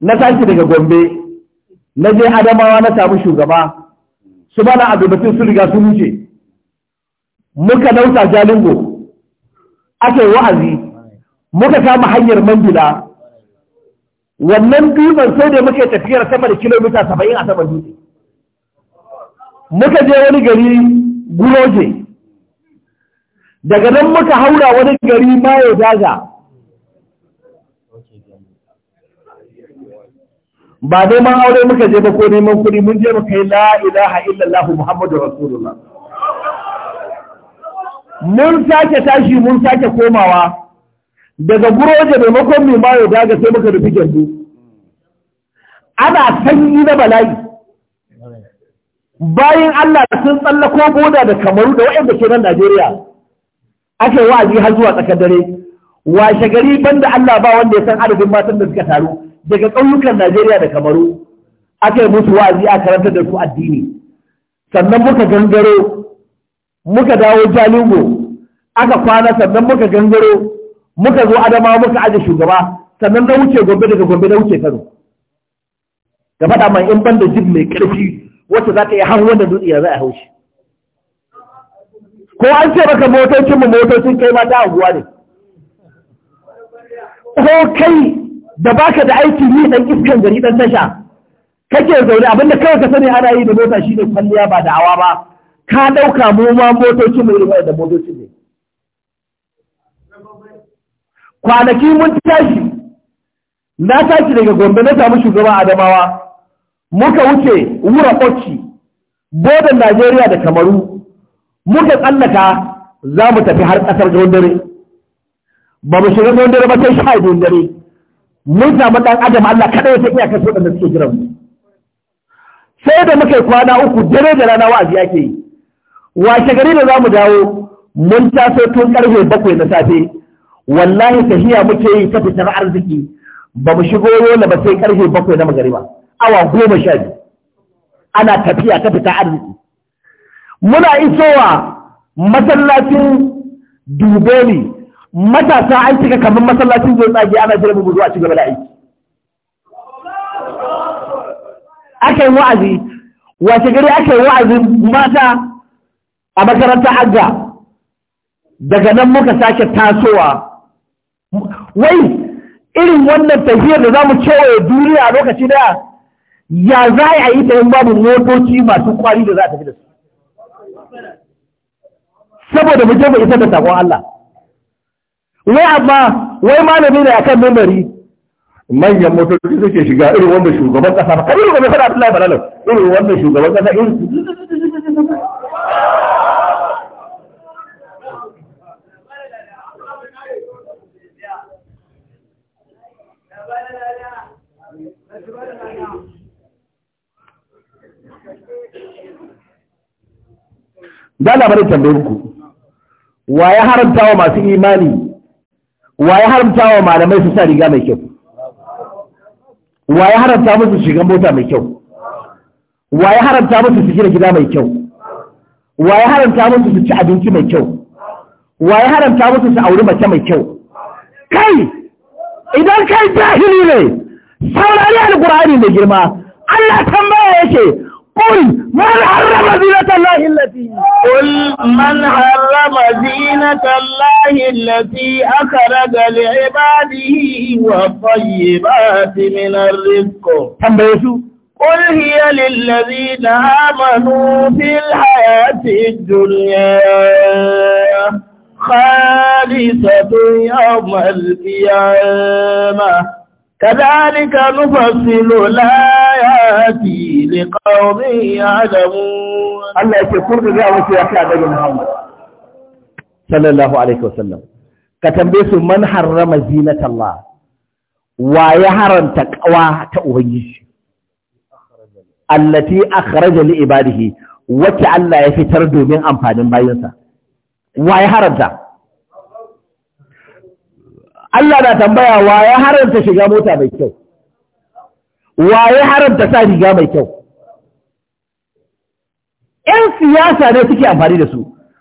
na tashi daga gombe na je adamawa na samu shugaba su bana abdulbatin sun riga sun wuce muka dauta jalingo ake wa'azi muka kama hanyar mandila wannan dutsen sai da muke tafiyar sama da kilomita saba'in a saman dutse muka je wani gari guroje daga nan muka haura wani gari mayo daga ba neman aure muka je ba ko neman kuɗi mun je muka yi la ilaha illallah muhammadu rasulullah mun sake tashi mun sake komawa daga guroje makon mai mayo daga sai muka rufi gyandu ana sanyi na bala'i bayan Allah sun tsallako boda da kamaru da waɗanda ke nan Najeriya ake wa'azi har zuwa tsakar dare washe gari banda Allah ba wanda ya san adadin matan da suka taru daga ƙauyukan Najeriya da Kamaru aka yi musu wa'azi a karanta da su addini sannan muka gangaro muka dawo Jalingo aka kwana sannan muka gangaro muka zo Adama muka aje shugaba sannan na wuce Gombe daga Gombe na wuce Kano da faɗa mai in ban da jib mai ƙarfi wacce za ta yi har wanda dutse ya za a haushi ko an ce maka motocin mu motocin kai ma ta anguwa ne ko kai da baka da aiki ni dan iskan gari dan tasha kake zaune abinda kawai ka sani ana yi da mota shi ne kwalliya ba da'awa ba ka ɗauka mu ma motoci mu yi da motoci ne kwanaki mun tashi na tashi daga gombe na samu shugaba adamawa muka wuce wura oci bodan najeriya da kamaru muka tsallaka za mu tafi har ƙasar gondare ba mu shiga gondare ba sai sha dare mun samu ɗan adam Allah kaɗai ya iya kaso da suke jiran mu sai da muka yi kwana uku dare da rana wa'azi ake yi washe gari da za mu dawo mun taso tun karfe bakwai na safe wallahi tahiya muke yi ta fitar arziki ba mu shigo yola ba sai karfe bakwai na magariba awa goma sha biyu ana tafiya ta fitar arziki muna isowa masallacin dubeli matasa an cika kamar masallacin zai tsage ana jira mu zuwa ci gaba da aiki akai wa'azi wace gari akai wa'azin mata a makaranta agga daga nan muka sake tasowa wai irin wannan tafiyar da za mu kewaye duniya lokaci da ya za a yi ta yin babu motoci masu kwari da za a tafi da su saboda mu je mu isa da sakon Allah wai amma wai malami ne akan mimbari manyan motoci suke shiga irin wanda shugaban kasa ba kamar gobe fara Abdullahi irin wanda shugaban kasa irin Da labarin tambayin ku, wa ya haranta wa masu imani wa ya haramta wa malamai su sa riga mai kyau wa ya haramta musu shiga mota mai kyau wa ya haramta musu su gina gida mai kyau wa ya haramta musu su ci abinci mai kyau wa ya haramta musu su auri mace mai kyau kai idan kai jahili ne saurari alkur'ani mai girma Allah tambaya yake قل من حرم زينة الله التي قل من حرم زينة الله التي أخرج لعباده والطيبات من الرزق تنبيسوا قل هي للذين آمنوا في الحياة الدنيا خالصة يوم القيامة كذلك نفصل الآيات لقوم يعلمون الله يكفر يا وسي يا كعب محمد صلى الله عليه وسلم كتنبيس من حرم زينة الله ويحرم تقوى تأوهيش allati akhraja li ibadihi wacce Allah ya fitar domin amfanin bayinsa waye haramta Allah na tambaya wa ya haramta shiga mota mai kyau wa ya haramta sa riga mai kyau ‘yan siyasa ne suke amfani da su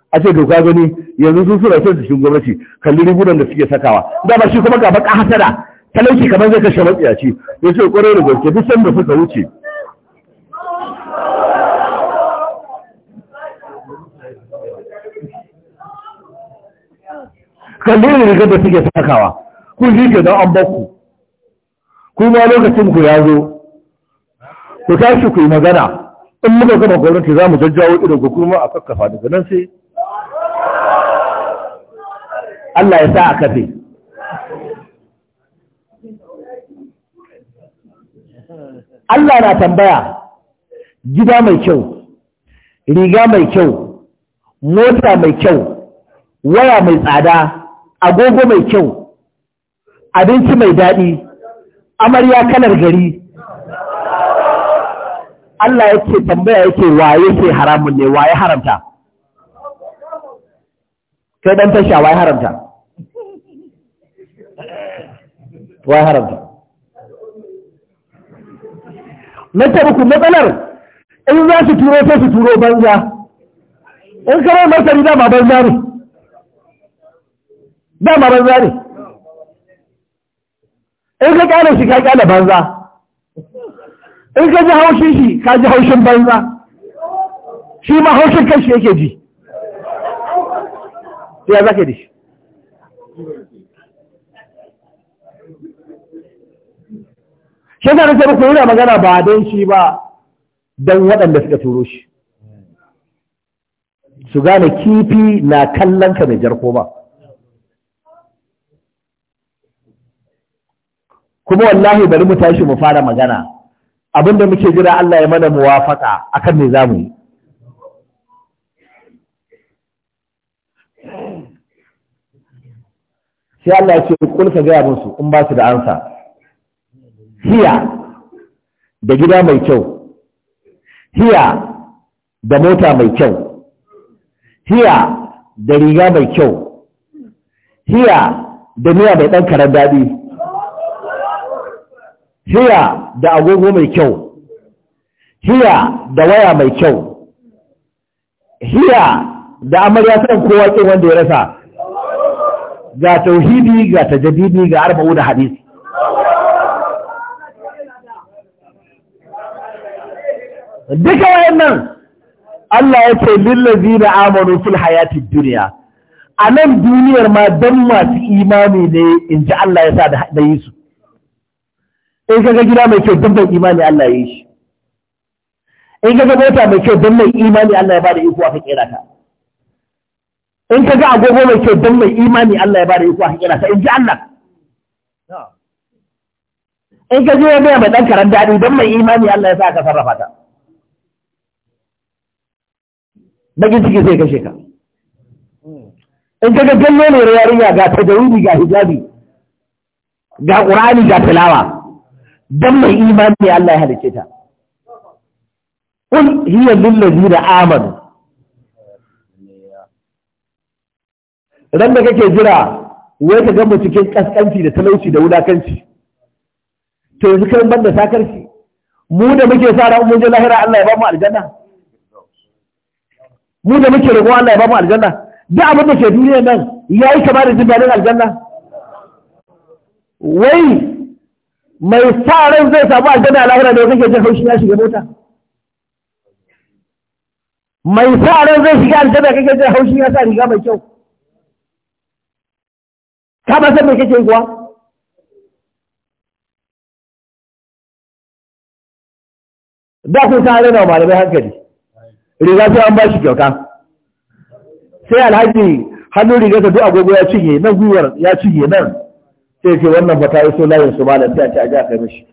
a ce doka gani yanzu sun su son su shi gwamnati kalli rigunan da suke sakawa ba shi kuma ga baka hasada talauci kamar zai kashe matsiyaci ya ce kwarai da gaske duk sanda suka wuce kalli rigar da suke sakawa ku shi ke don an baku. kuma lokacin ku ya zo ku tashi ku yi magana in muka gama gwamnati za mu jajjawo irin ku kuma a kakkafa daga nan sai Allah ya sa a kafe Allah na tambaya gida mai kyau riga mai kyau mota mai kyau waya mai tsada agogo mai kyau abinci mai daɗi amarya kalar gari Allah yake tambaya yake waye ke haramun ne waye haramta kai ɗan tasha waye haramta waye haramta na ce muku matsalar in za su turo sai su turo banza in kamar masari dama banza ne dama banza ne in ka kyale shi ka kyale banza in ka ji haushin shi ka ji haushin banza shi ma haushin kanshi yake ji ya za ka da shi shi ka rike muku yana magana ba don shi ba don waɗanda suka turo shi su gane kifi na kallon ka mai jarko ba kuma wallahi bari mu tashi mu fara magana abinda muke jira Allah ya mana muwafaka akan me zamu yi sai Allah ya ce kun ka gaya musu in ba su da ansa hiya da gida mai kyau hiya da mota mai kyau hiya da riga mai kyau hiya da miya mai ɗan karar daɗi hiya da agogo mai kyau hiya da waya mai kyau hiya da amarya san kowa kin wanda ya rasa ga tauhidi ga tajaddidi ga arba'u da hadisi duka wayannan Allah ya ce lillazi da amanu fil hayati duniya anan duniyar ma dan masu imani ne in ji Allah ya sa da yi su in ga gida mai kyau duk imani Allah ya yi shi in ga mota mai kyau don mai imani Allah ya bada iko aka kera ta in ka ga agogo mai kyau don mai imani Allah ya bada iko aka kera ta in ji Allah in ka ji mai mai dan karan dadi don mai imani Allah ya sa aka sarrafa ta bakin ciki sai kashe ka in ka ga gallo ne yarinya ga tadaruri ga hijabi ga qur'ani ga tilawa dan mai imani ne Allah ya halice ta Kun hiyar lil da amanu ran da kake jira wai ka gama cikin kaskanci da talauci da wulakanci to yanzu kan banda sakarci mu da muke sa ran mun je lahira Allah ya ba mu aljanna mu da muke roƙo Allah ya ba mu aljanna duk abin da ke duniya nan yayi kama da jin daɗin aljanna wai mai sa ran zai samu aljanna a lahira da ya kake jin haushi ya shiga mota mai sa ran zai shiga aljanna kake jin haushi ya sa riga mai kyau ka ba san me kake kuwa da kun sa wa malamai hankali riga sai an ba shi kyauta sai alhaji hannun riga ta duk agogo ya cinye nan gwiwar ya cinye nan sai ce wannan ba ta iso layin su malam sai a ce a ji a kai mishi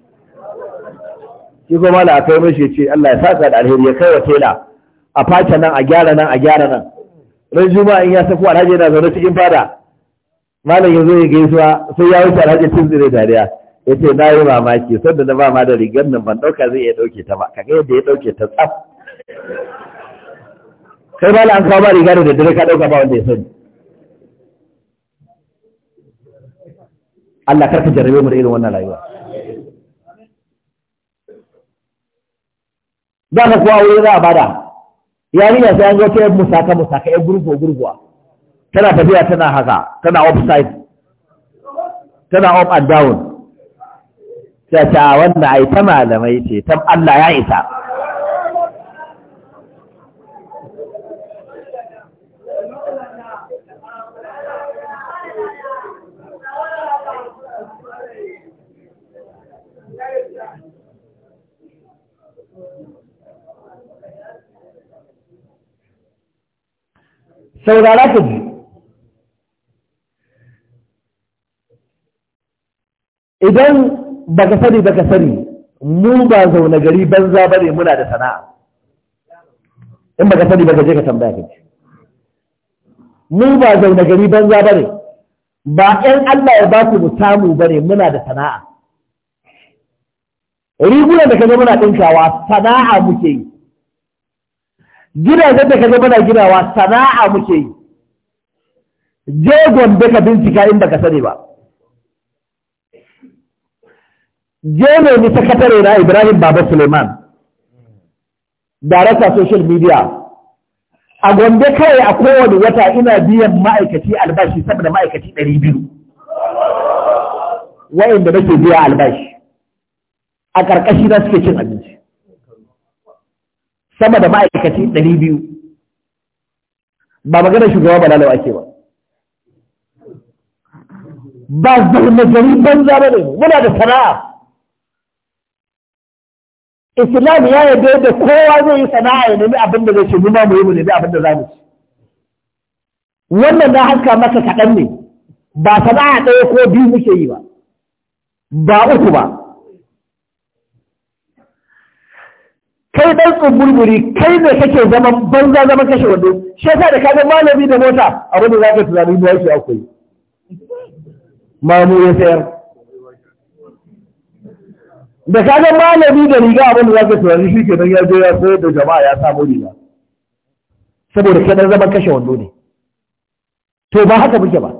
shi ko malam a kai mishi ce Allah ya saka da alheri ya kai wa tela a fata nan a gyara nan a gyara nan ran juma'a in ya saku alhaji yana zaune cikin fada malam ya zo ya gaisuwa sai ya wuce alhaji tun zire dariya ya ce na yi mamaki sanda na ba ma da rigar nan ban ɗauka zai iya ɗauke ta ba ka ga yadda ya ɗauke ta tsaf kai malam an kawo ba rigar da daddare ka ɗauka ba wanda ya sani Allah karka ka jarrabe mu da irin wannan rayuwa da ka kuwa wuri za a bada yarinya sai an ga ta musaka musaka ya gurgo gurguwa tana tafiya tana haka tana offside tana up and down ta ta wanda ai ta malamai ce ta Allah ya isa saurara ta ji idan baka sani baka sani mu ba zaune gari banza bane muna da sana'a in baka sani baka je ka tambaya ka ji, mu ba zaune gari banza bane ba 'yan Allah ya ba ku mu samu bane muna da sana'a rigunan da ka zama muna ɗinkawa sana'a muke yi gidajen da ka kaga muna ginawa sana'a muke yi je gombe ka bincika in baka sani ba je ne ni sakatare na Ibrahim Baba Suleiman darasa social media a gombe kai a kowane wata ina biyan ma'aikaci albashi saboda ma'aikaci ɗari biyu wa'inda nake biya albashi a karkashi na suke cin abinci sama da ma'aikaci ɗari biyu ba maganar shugaba ba lalawa ake ba ba zama gari banza ba ne muna da sana'a islam ya yarda da kowa zai yi sana'a ya nemi abin da zai ce mu mu yi mu nemi abin da za mu ci wannan na haska masa kaɗan ne ba sana'a ɗaya ko biyu muke yi ba ba uku ba kai dan tsumburburi kai ne kake zaman banza zaman kashe wando shi yasa da ka malami da mota a wani za ka tunani ba shi akwai mamu ya sayar da ka ga malami da riga abin da za ka tunani shi ke nan ya zo ya sayar da jama'a ya samu riga saboda kai dan zaman kashe wando ne to ba haka muke ba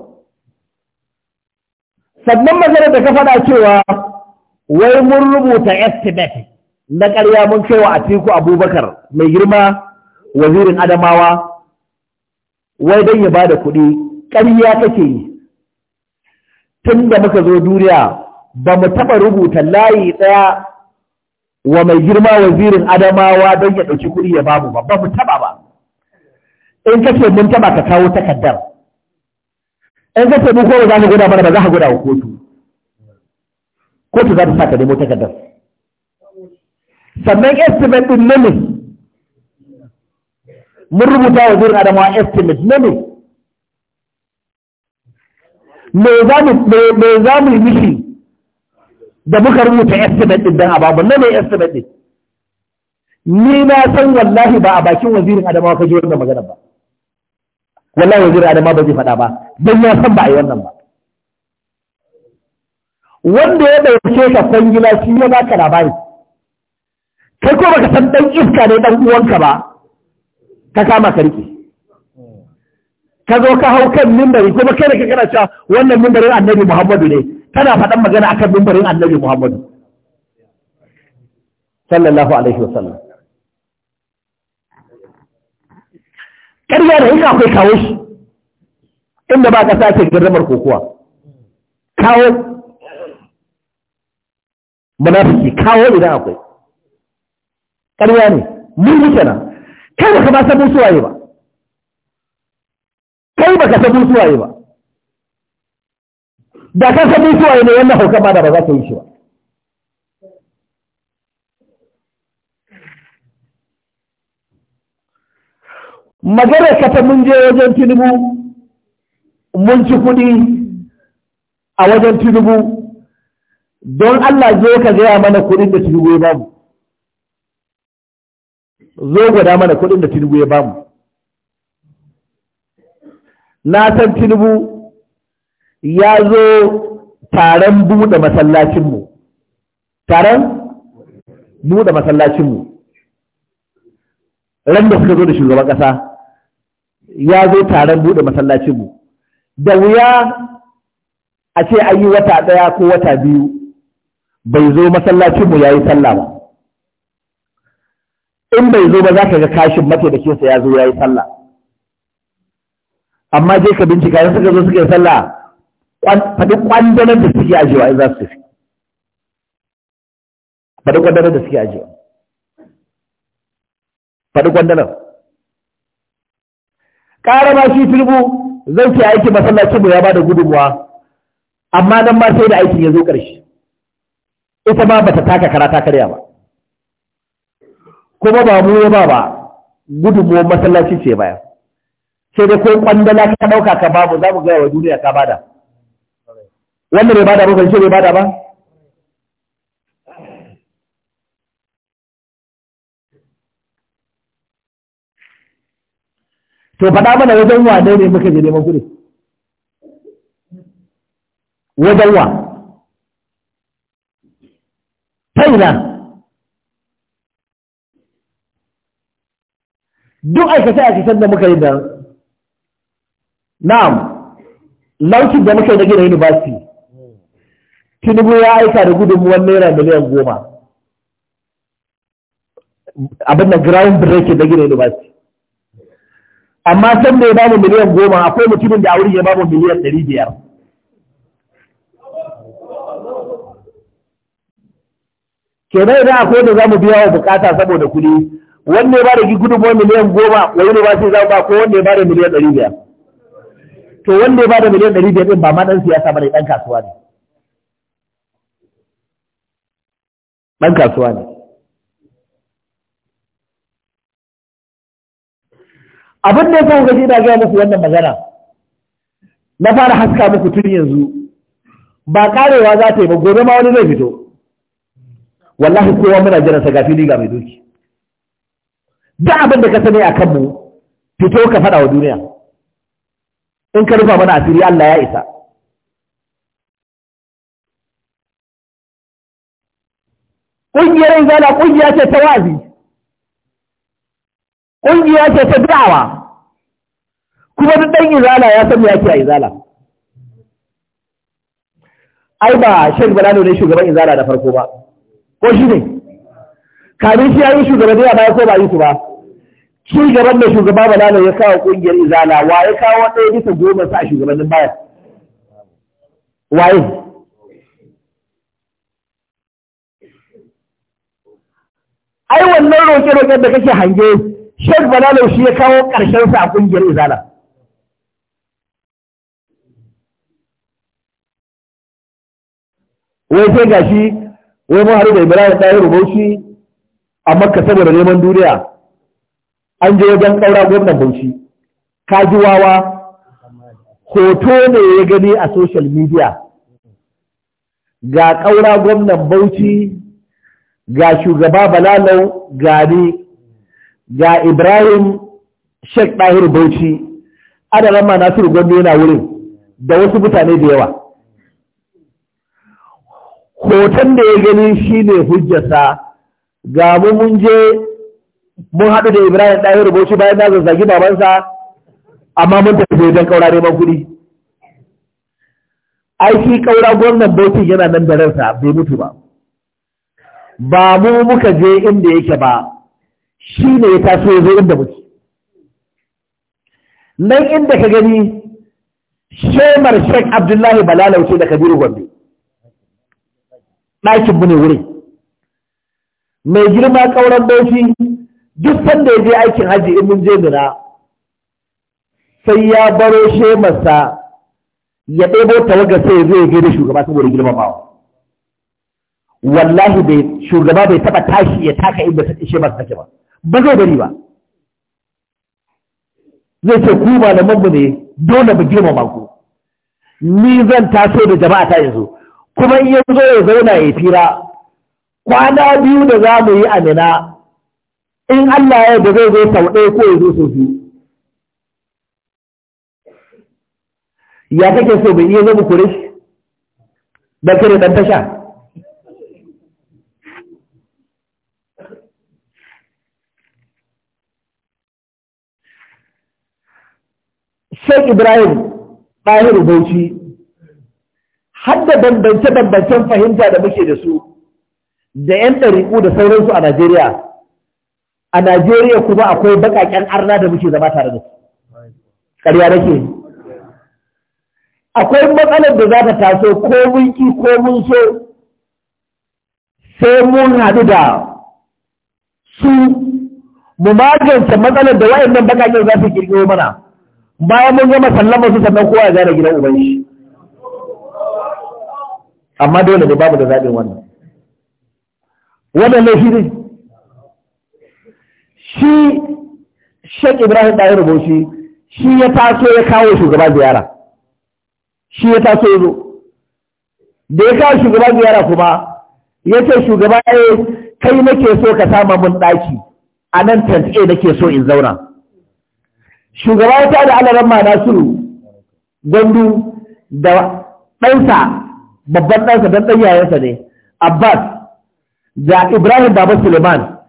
sannan maganar da ka faɗa cewa wai mun rubuta estimate na ƙarya mun cewa a tiku abubakar mai girma wazirin adamawa wai don ya ba da kuɗi ƙarya kake yi tun da muka zo duniya ba mu taɓa rubuta layi ɗaya wa mai girma wazirin adamawa don ya ɗauki kuɗi ya babu ba ba mu taɓa ba in ka mun taɓa ka kawo takardar in ka mun kowa za ka guda mana ba za ka guda wa kotu kotu za ta sa ka nemo takardar sannan estimate din na ne mun rubuta wa zurin adamawa estimate na ne me za mu yi mishi da muka rubuta estimate din don ababu na mai estimate din ni na san wallahi ba a bakin wazirin adamawa ka ji wannan magana ba wallahi wazirin adamawa ba zai faɗa ba don ya san ba a yi wannan ba wanda ya ɗauke ka kwangila shi ya ka labari kai ko baka san dan iska ne dan uwanka ba ka kama ka rike ka zo ka hau kan mimbari kuma kai da ka kana cewa wannan mimbarin annabi Muhammadu ne kana faɗan magana akan mimbarin annabi Muhammadu sallallahu alaihi wasallam ƙarya da in akwai kawo shi inda ba ka sace girmar kokowa kawo munafiki kawo idan akwai ƙarya ne mun yi kenan kai baka ba sabon suwaye ba kai baka sabon suwaye ba da ka sabon suwaye ne wannan hauka ba da ba za ka yi shi ba maganar kata mun je wajen tinubu mun ci kuɗi a wajen tinubu don Allah zo ka gaya mana kuɗin da tinubu ya babu. zo gwada mana kuɗin da tinubu ya bamu na san tinubu ya zo taron buɗe masallacinmu taron buɗe masallacinmu ran da suka zo da shugaban ƙasa ya zo taron buɗe masallacinmu da wuya a ce an yi wata ɗaya ko wata biyu bai zo masallacinmu ya yi sallah ba in bai zo ba za ka ga kashin mataimakinsa ya zo ya yi sallah amma je ka bincika in suka zo suka yi sallah faɗi kwandanar da suke ajiyewa in za su tafi faɗi kwandanar da suke ajiyewa faɗi kwandanar ƙara ma shi filbu zai ce aiki masallaci mu ya ba da gudunmuwa amma nan ma sai da aikin ya zo ƙarshe ita ma bata taka karata karya ba kuma ba mu ya ba ba gudunmuwar masallaci ce baya sai dai ko kwandala ka ɗauka ka babu za mu gaya wa duniya ka bada wanda bai bada ba kan ce bai bada ba to faɗa mana wajen wa ne muka je neman kuɗi wajen wa ta ina duk aikace cikin da muka yi da na'am launcin da muka yi na gina university tinubu ya aika da gudunmuwan naira miliyan goma abin da ground breaking na gina university amma san da ya mu miliyan goma akwai mutumin da a wurin ya mu miliyan ɗari biyar kenan idan akwai da za mu biya wa bukata saboda kuɗi wanda ya da gudunmuwa miliyan goma wani ne ba sai zama ko wanda ya da miliyan ɗari biyar to wanda ya da miliyan ɗari biyar ɗin ba ma ɗan siyasa ba ne ɗan kasuwa ne ɗan kasuwa ne abin da ya kawo gaji ina gaya muku wannan magana na fara haska muku tun yanzu ba karewa za ta yi ba gobe ma wani zai fito wallahi kowa muna jiran sa ga ga mai doki duk abin da ka sani a kanmu fito ka faɗa wa duniya in ka rufa mana asiri Allah ya isa ƙungiyar izala ƙungiya ce ta wazi ƙungiya ce ta da'awa kuma duk ɗan izala ya san ya ke a izala ai ba shan balano ne shugaban izala da farko ba ko shi ne kamin shi ya yi da ya bayan ko ba yi su ba shugaban gaban da shugaba balala ya kawo kungiyar izala wa ya kawo ɗaya bisa goma sa shugabannin baya waye ai wannan roƙe-roƙe da kake hange shek balala shi ya kawo ƙarshen sa a kungiyar izala wai sai gashi wai mun haɗu da ibrahim ɗaya rubauci a makka saboda neman duniya an je wajen ƙaura gwamnan bauchi Ka ji wawa hoto ne ya gani a social media ga ƙaura gwamnan bauchi ga shugaba balalau gani ga ibrahim sheikh ɗahir bauchi adana ma nasiru gwamna yana wurin da wasu mutane da yawa hoton da ya gani shi ne hujjasa ga mu mun je mun haɗu da Ibrahim ɗaya rubuci bayan na zazzagi babansa amma mun tafi wajen kaura neman kuɗi. Ai shi kaura gwamnan bautin yana nan da ransa bai mutu ba. Ba mu muka je inda yake ba shi ne ya taso ya zo inda muke. Nan inda ka gani shemar Sheikh Abdullahi Balalauce da Kabiru Gombe. Ɗakin mu ne wuri Mai girma kauran Bauchi duk wanda ya je aikin haji in mun je mina sai ya baro masa ya ɗebo tawaga sai ya zo ya gaida shugaba saboda girmamawa wallahi bai shugaba bai taɓa tashi ya taka inda masa take ba ba zai bari ba zai ce ku mu ne dole mu ba ku ni zan taso da jama'a ta yanzu kuma in yanzu zo ya zauna ya fira kwana biyu da za mu yi amina in Allah ya da zai zo sau ɗaya ko ya zo sau biyu ya kake so bai iya zama kurish da kare ɗan tasha Sheikh Ibrahim Ɗahir Bauchi har da bambance-bambancen fahimta da muke da su da 'yan ɗariƙu da sauransu a Najeriya a Najeriya kuma akwai baƙaƙen arna da muke zama tare da su ƙarya nake akwai matsalar da za ta taso ko mun ki ko mun so sai mun haɗu da su mu magance matsalar da waɗannan baƙaƙen za su kirkiro mana bayan mun gama sallama su sannan kowa ya gane gidan uban amma dole ne babu da zaɓin wannan wannan laifi ne shi shek Ibrahim ɗaya Bauchi shi ya taso ya kawo shugaba ziyara shi ya taso ya zo da ya kawo shugaba ziyara kuma ya ce shugaba ne eh, kai nake so ka sama mun ɗaki a nan tantse nake so in zauna shugaba ya tada alaran ma nasiru gwandu da ɗansa babban ɗansa don ɗan yayansa ne abbas da ibrahim baba suleiman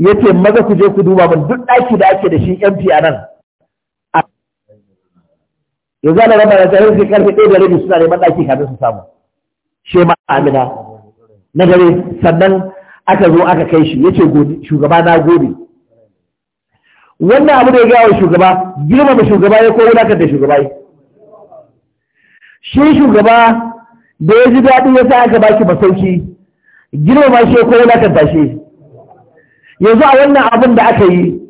yace maza ku je ku duba min duk ɗaki da ake da shi MP a nan Ya zana rama da tsarin sai karfe ɗaya da rabi suna neman ɗaki kafin su samu ma amina na gare sannan aka zo aka kai shi ya ce shugaba na gode wannan abu da ya gawa shugaba girmama shugaba ya ko wadatar da shugaba ya shi shugaba da ya ji daɗi ya sa aka baki masauki girmama shi ya ko wadatar da shi yanzu a wannan abin da aka yi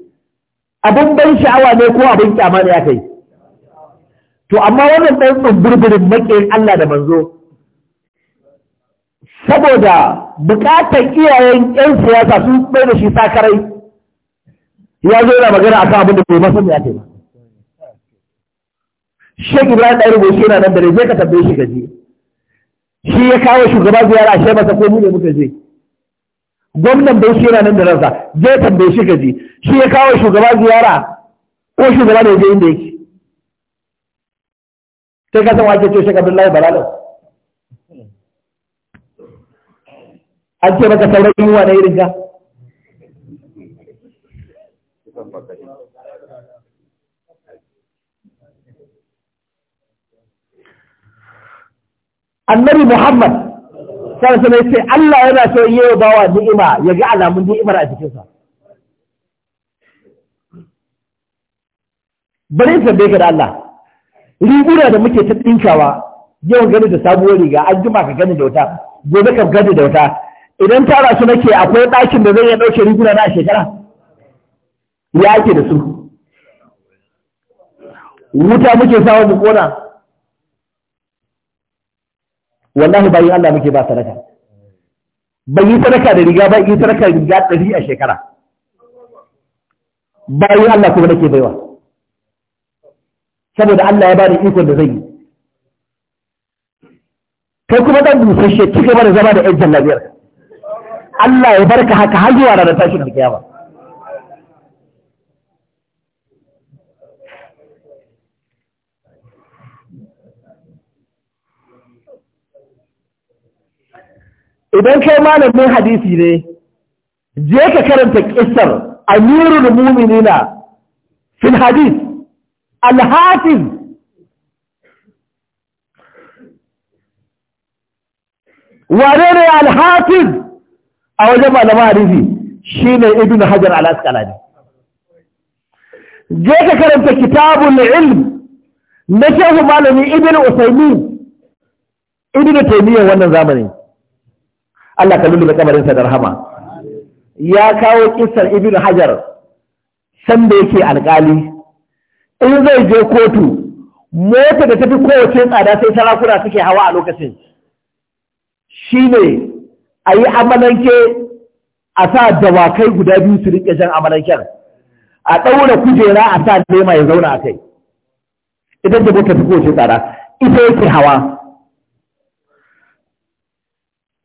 abin ban sha'awa ne ko abin kyama ne aka yi to amma wannan ɗan tsumburburin makiyin Allah da manzo saboda bukatar iyayen 'yan siyasa sun bai da shi sakarai ya zo yana magana akan abin da bai masan ya ce ba Sheikh Ibrahim Ɗari shi yana nan da zai ka tambaye shi gaji shi ya kawo shugaba ziyara a shai masa ko mu ne muka je gwamnan shi yana nan da ransa zai tambaye shi gaji shi ya kawo shugaba ziyara ko shugaba da ya je inda yake sai ka san wake ce shi abdullahi balalau an ce maka sauran wa na irin ka annabi muhammad sai sai ce Allah yana so yi wa bawa ni'ima ya ga alamun ni'imar a jikinsa bari in bai ga da Allah riguna da muke ta dinkawa yau gani da sabuwar riga an jima ka gani da wuta gobe ka gani da wuta idan tara su nake akwai ɗakin da zai iya ɗauke riguna na shekara ya ake da su wuta muke sawa mu kona wallahi bayin Allah muke ba sadaka bai yi sadaka da riga ba yi sadaka da riga ɗari a shekara bayan Allah kuma nake baiwa saboda Allah ya bani ikon da zai yi kai kuma dan dusashe ci gaba da zama da yan jallabiyar Allah ya barka haka har zuwa ranar tashin alkiyama idan kai malamin hadisi ne je ka karanta kissar amirul mu'minina fil hadis al-hafiz wane ne al-hafiz a wajen malaman hadisi shine ibnu hajar al-asqalani je ka karanta kitabul ilm na shehu malami ibnu usaymin ibnu taymiyyah wannan zamanin Allah ka kabarinsa da rahama ya kawo kisar ibn hajar san da yake alkali in zai je kotu mota da tafi kowace tsada sai sarakuna suke hawa a lokacin shine a yi amalanke a sa dawakai guda biyu su riƙe jan amalanken a ɗaura kujera a sa nema ya zauna a kai idan da tafi kowace tsada ita yake hawa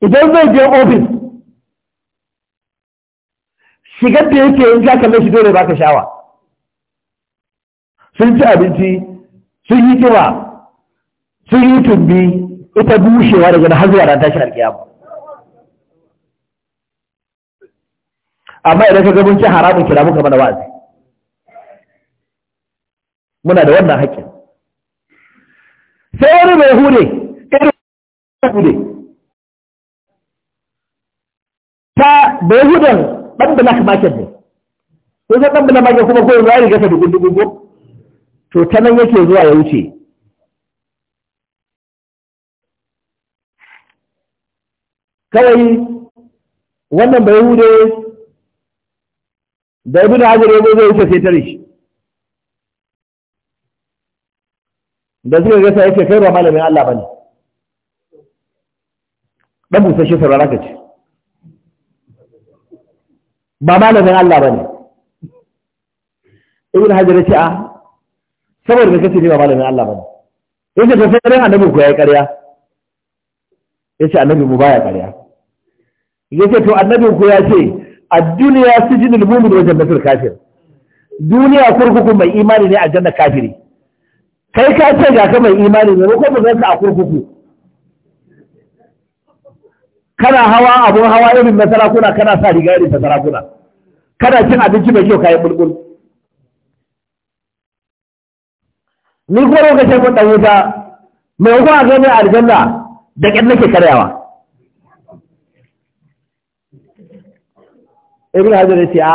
idan zai je ofis shigar da yake in ka kalle shi dole baka shawa sun ci abinci sun yi kiba sun yi tumbi ita bushewa daga har zuwa ta tashi alkiyama amma idan ka ga mun ci haramun kira muka mana wazi muna da wannan haƙƙin sai wani mai hude irin hude Bai hudan ɗan black makin ne ko zai ɗan black market kuma ko ya riga ta dubu dubu ko to ta nan yake zuwa ya wuce kawai wannan bai hude da ibi da hajjar yanzu zai wuce sai tare shi da zai gasa yake kai ba malamin Allah ba ne ɗan busashe saurara ka ce ba malamin Allah ba ne ibn hajar ce a ah, saboda mai kace ne ba malamin Allah ba ne yace ka sai annabi ku yayi ƙarya yace annabi mu baya ƙarya yace to annabi ku ya ce ad-dunya sijnul mu'min wa jannatul kafir duniya kurkuku mai imani ne a janna kafiri kai ka ce ga ka mai imani ne ko ba ka a kurkuku kana hawa abun hawa irin na sarakuna kana sa riga irin ta sarakuna kana cin abinci mai kyau kayan bulbul ni ko lokacin mun dan wuta mai kuma ga a aljanna da kyan nake karyawa ibn hajar ya ce a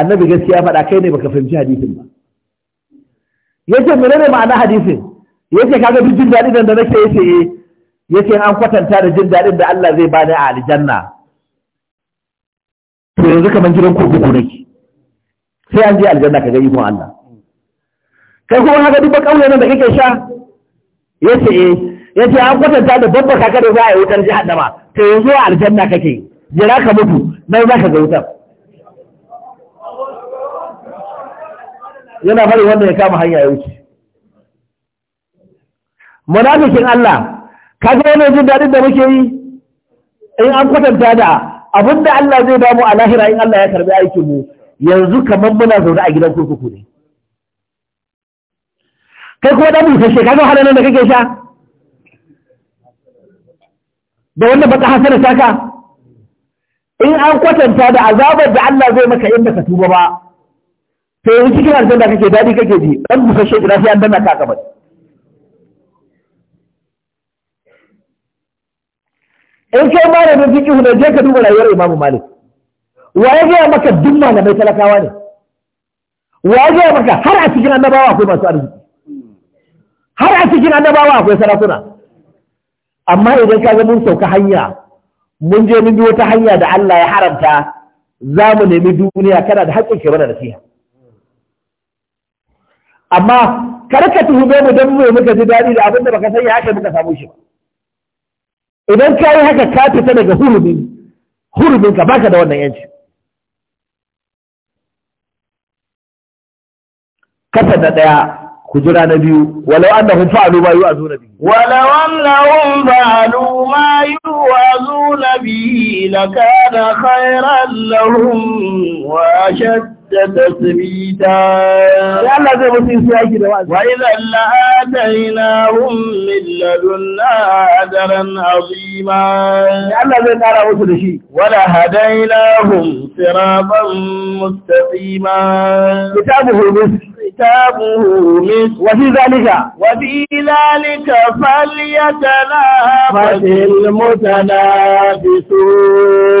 annabi gaskiya faɗa kai ne baka fahimci hadisin ba yace menene ma'ana hadisin yace kaga duk jin daɗi da nake yace eh yace an kwatanta da jin daɗin da Allah zai bani a aljanna to yanzu kamar gidan kurkuku nake sai an je aljanna ka ga ikon Allah kai kuma haka duk kauye nan da kake sha yace eh yace an kwatanta da babba kaka da za a yi wutar jahannama to yanzu a aljanna kake jira ka mutu nan za ka ga wutar yana bari wanda ya kama hanya ya wuce munafikin Allah kaga wannan jin daɗin da muke yi in an kwatanta da abin da Allah zai damu a lahira in Allah ya karbi aikin mu yanzu kamar muna zaune a gidan kurkuku ne kai kuma dan ka kaga halin da kake sha da wannan baka hasara saka in an kwatanta da azabar da Allah zai maka inda ka tuba ba to yanzu cikin da kake dadi kake ji dan busashe gida sai an danna ka ba. in kai malamin fiqh ne je ka duba rayuwar Imam Malik wa ya gaya maka duk malamai talakawa ne wa ya gaya maka har a cikin annabawa akwai masu arziki har a cikin annabawa akwai sarakuna amma idan ka ga mun sauka hanya mun je mun bi wata hanya da Allah ya haramta za mu nemi duniya kana da haƙƙin ke mana siya. amma karka tuhume mu don mu muka ji daɗi da abinda baka sanya haka muka samu shi ba idan ka yi haka ka fita daga hurumin hurumin ka baka da wannan yanci kasa da ɗaya jira na biyu walau annahum fa'alu ma yu'azuna bihi walau annahum fa'alu ma yu'azuna bihi lakana khairan lahum wa ashad تثبيتا وإذا لآتيناهم من لدنا أجرا عظيما ولهديناهم صراطا مستقيما كتابه المسك كتابه مسك وفي ذلك وفي ذلك فليتنافس المتنافسون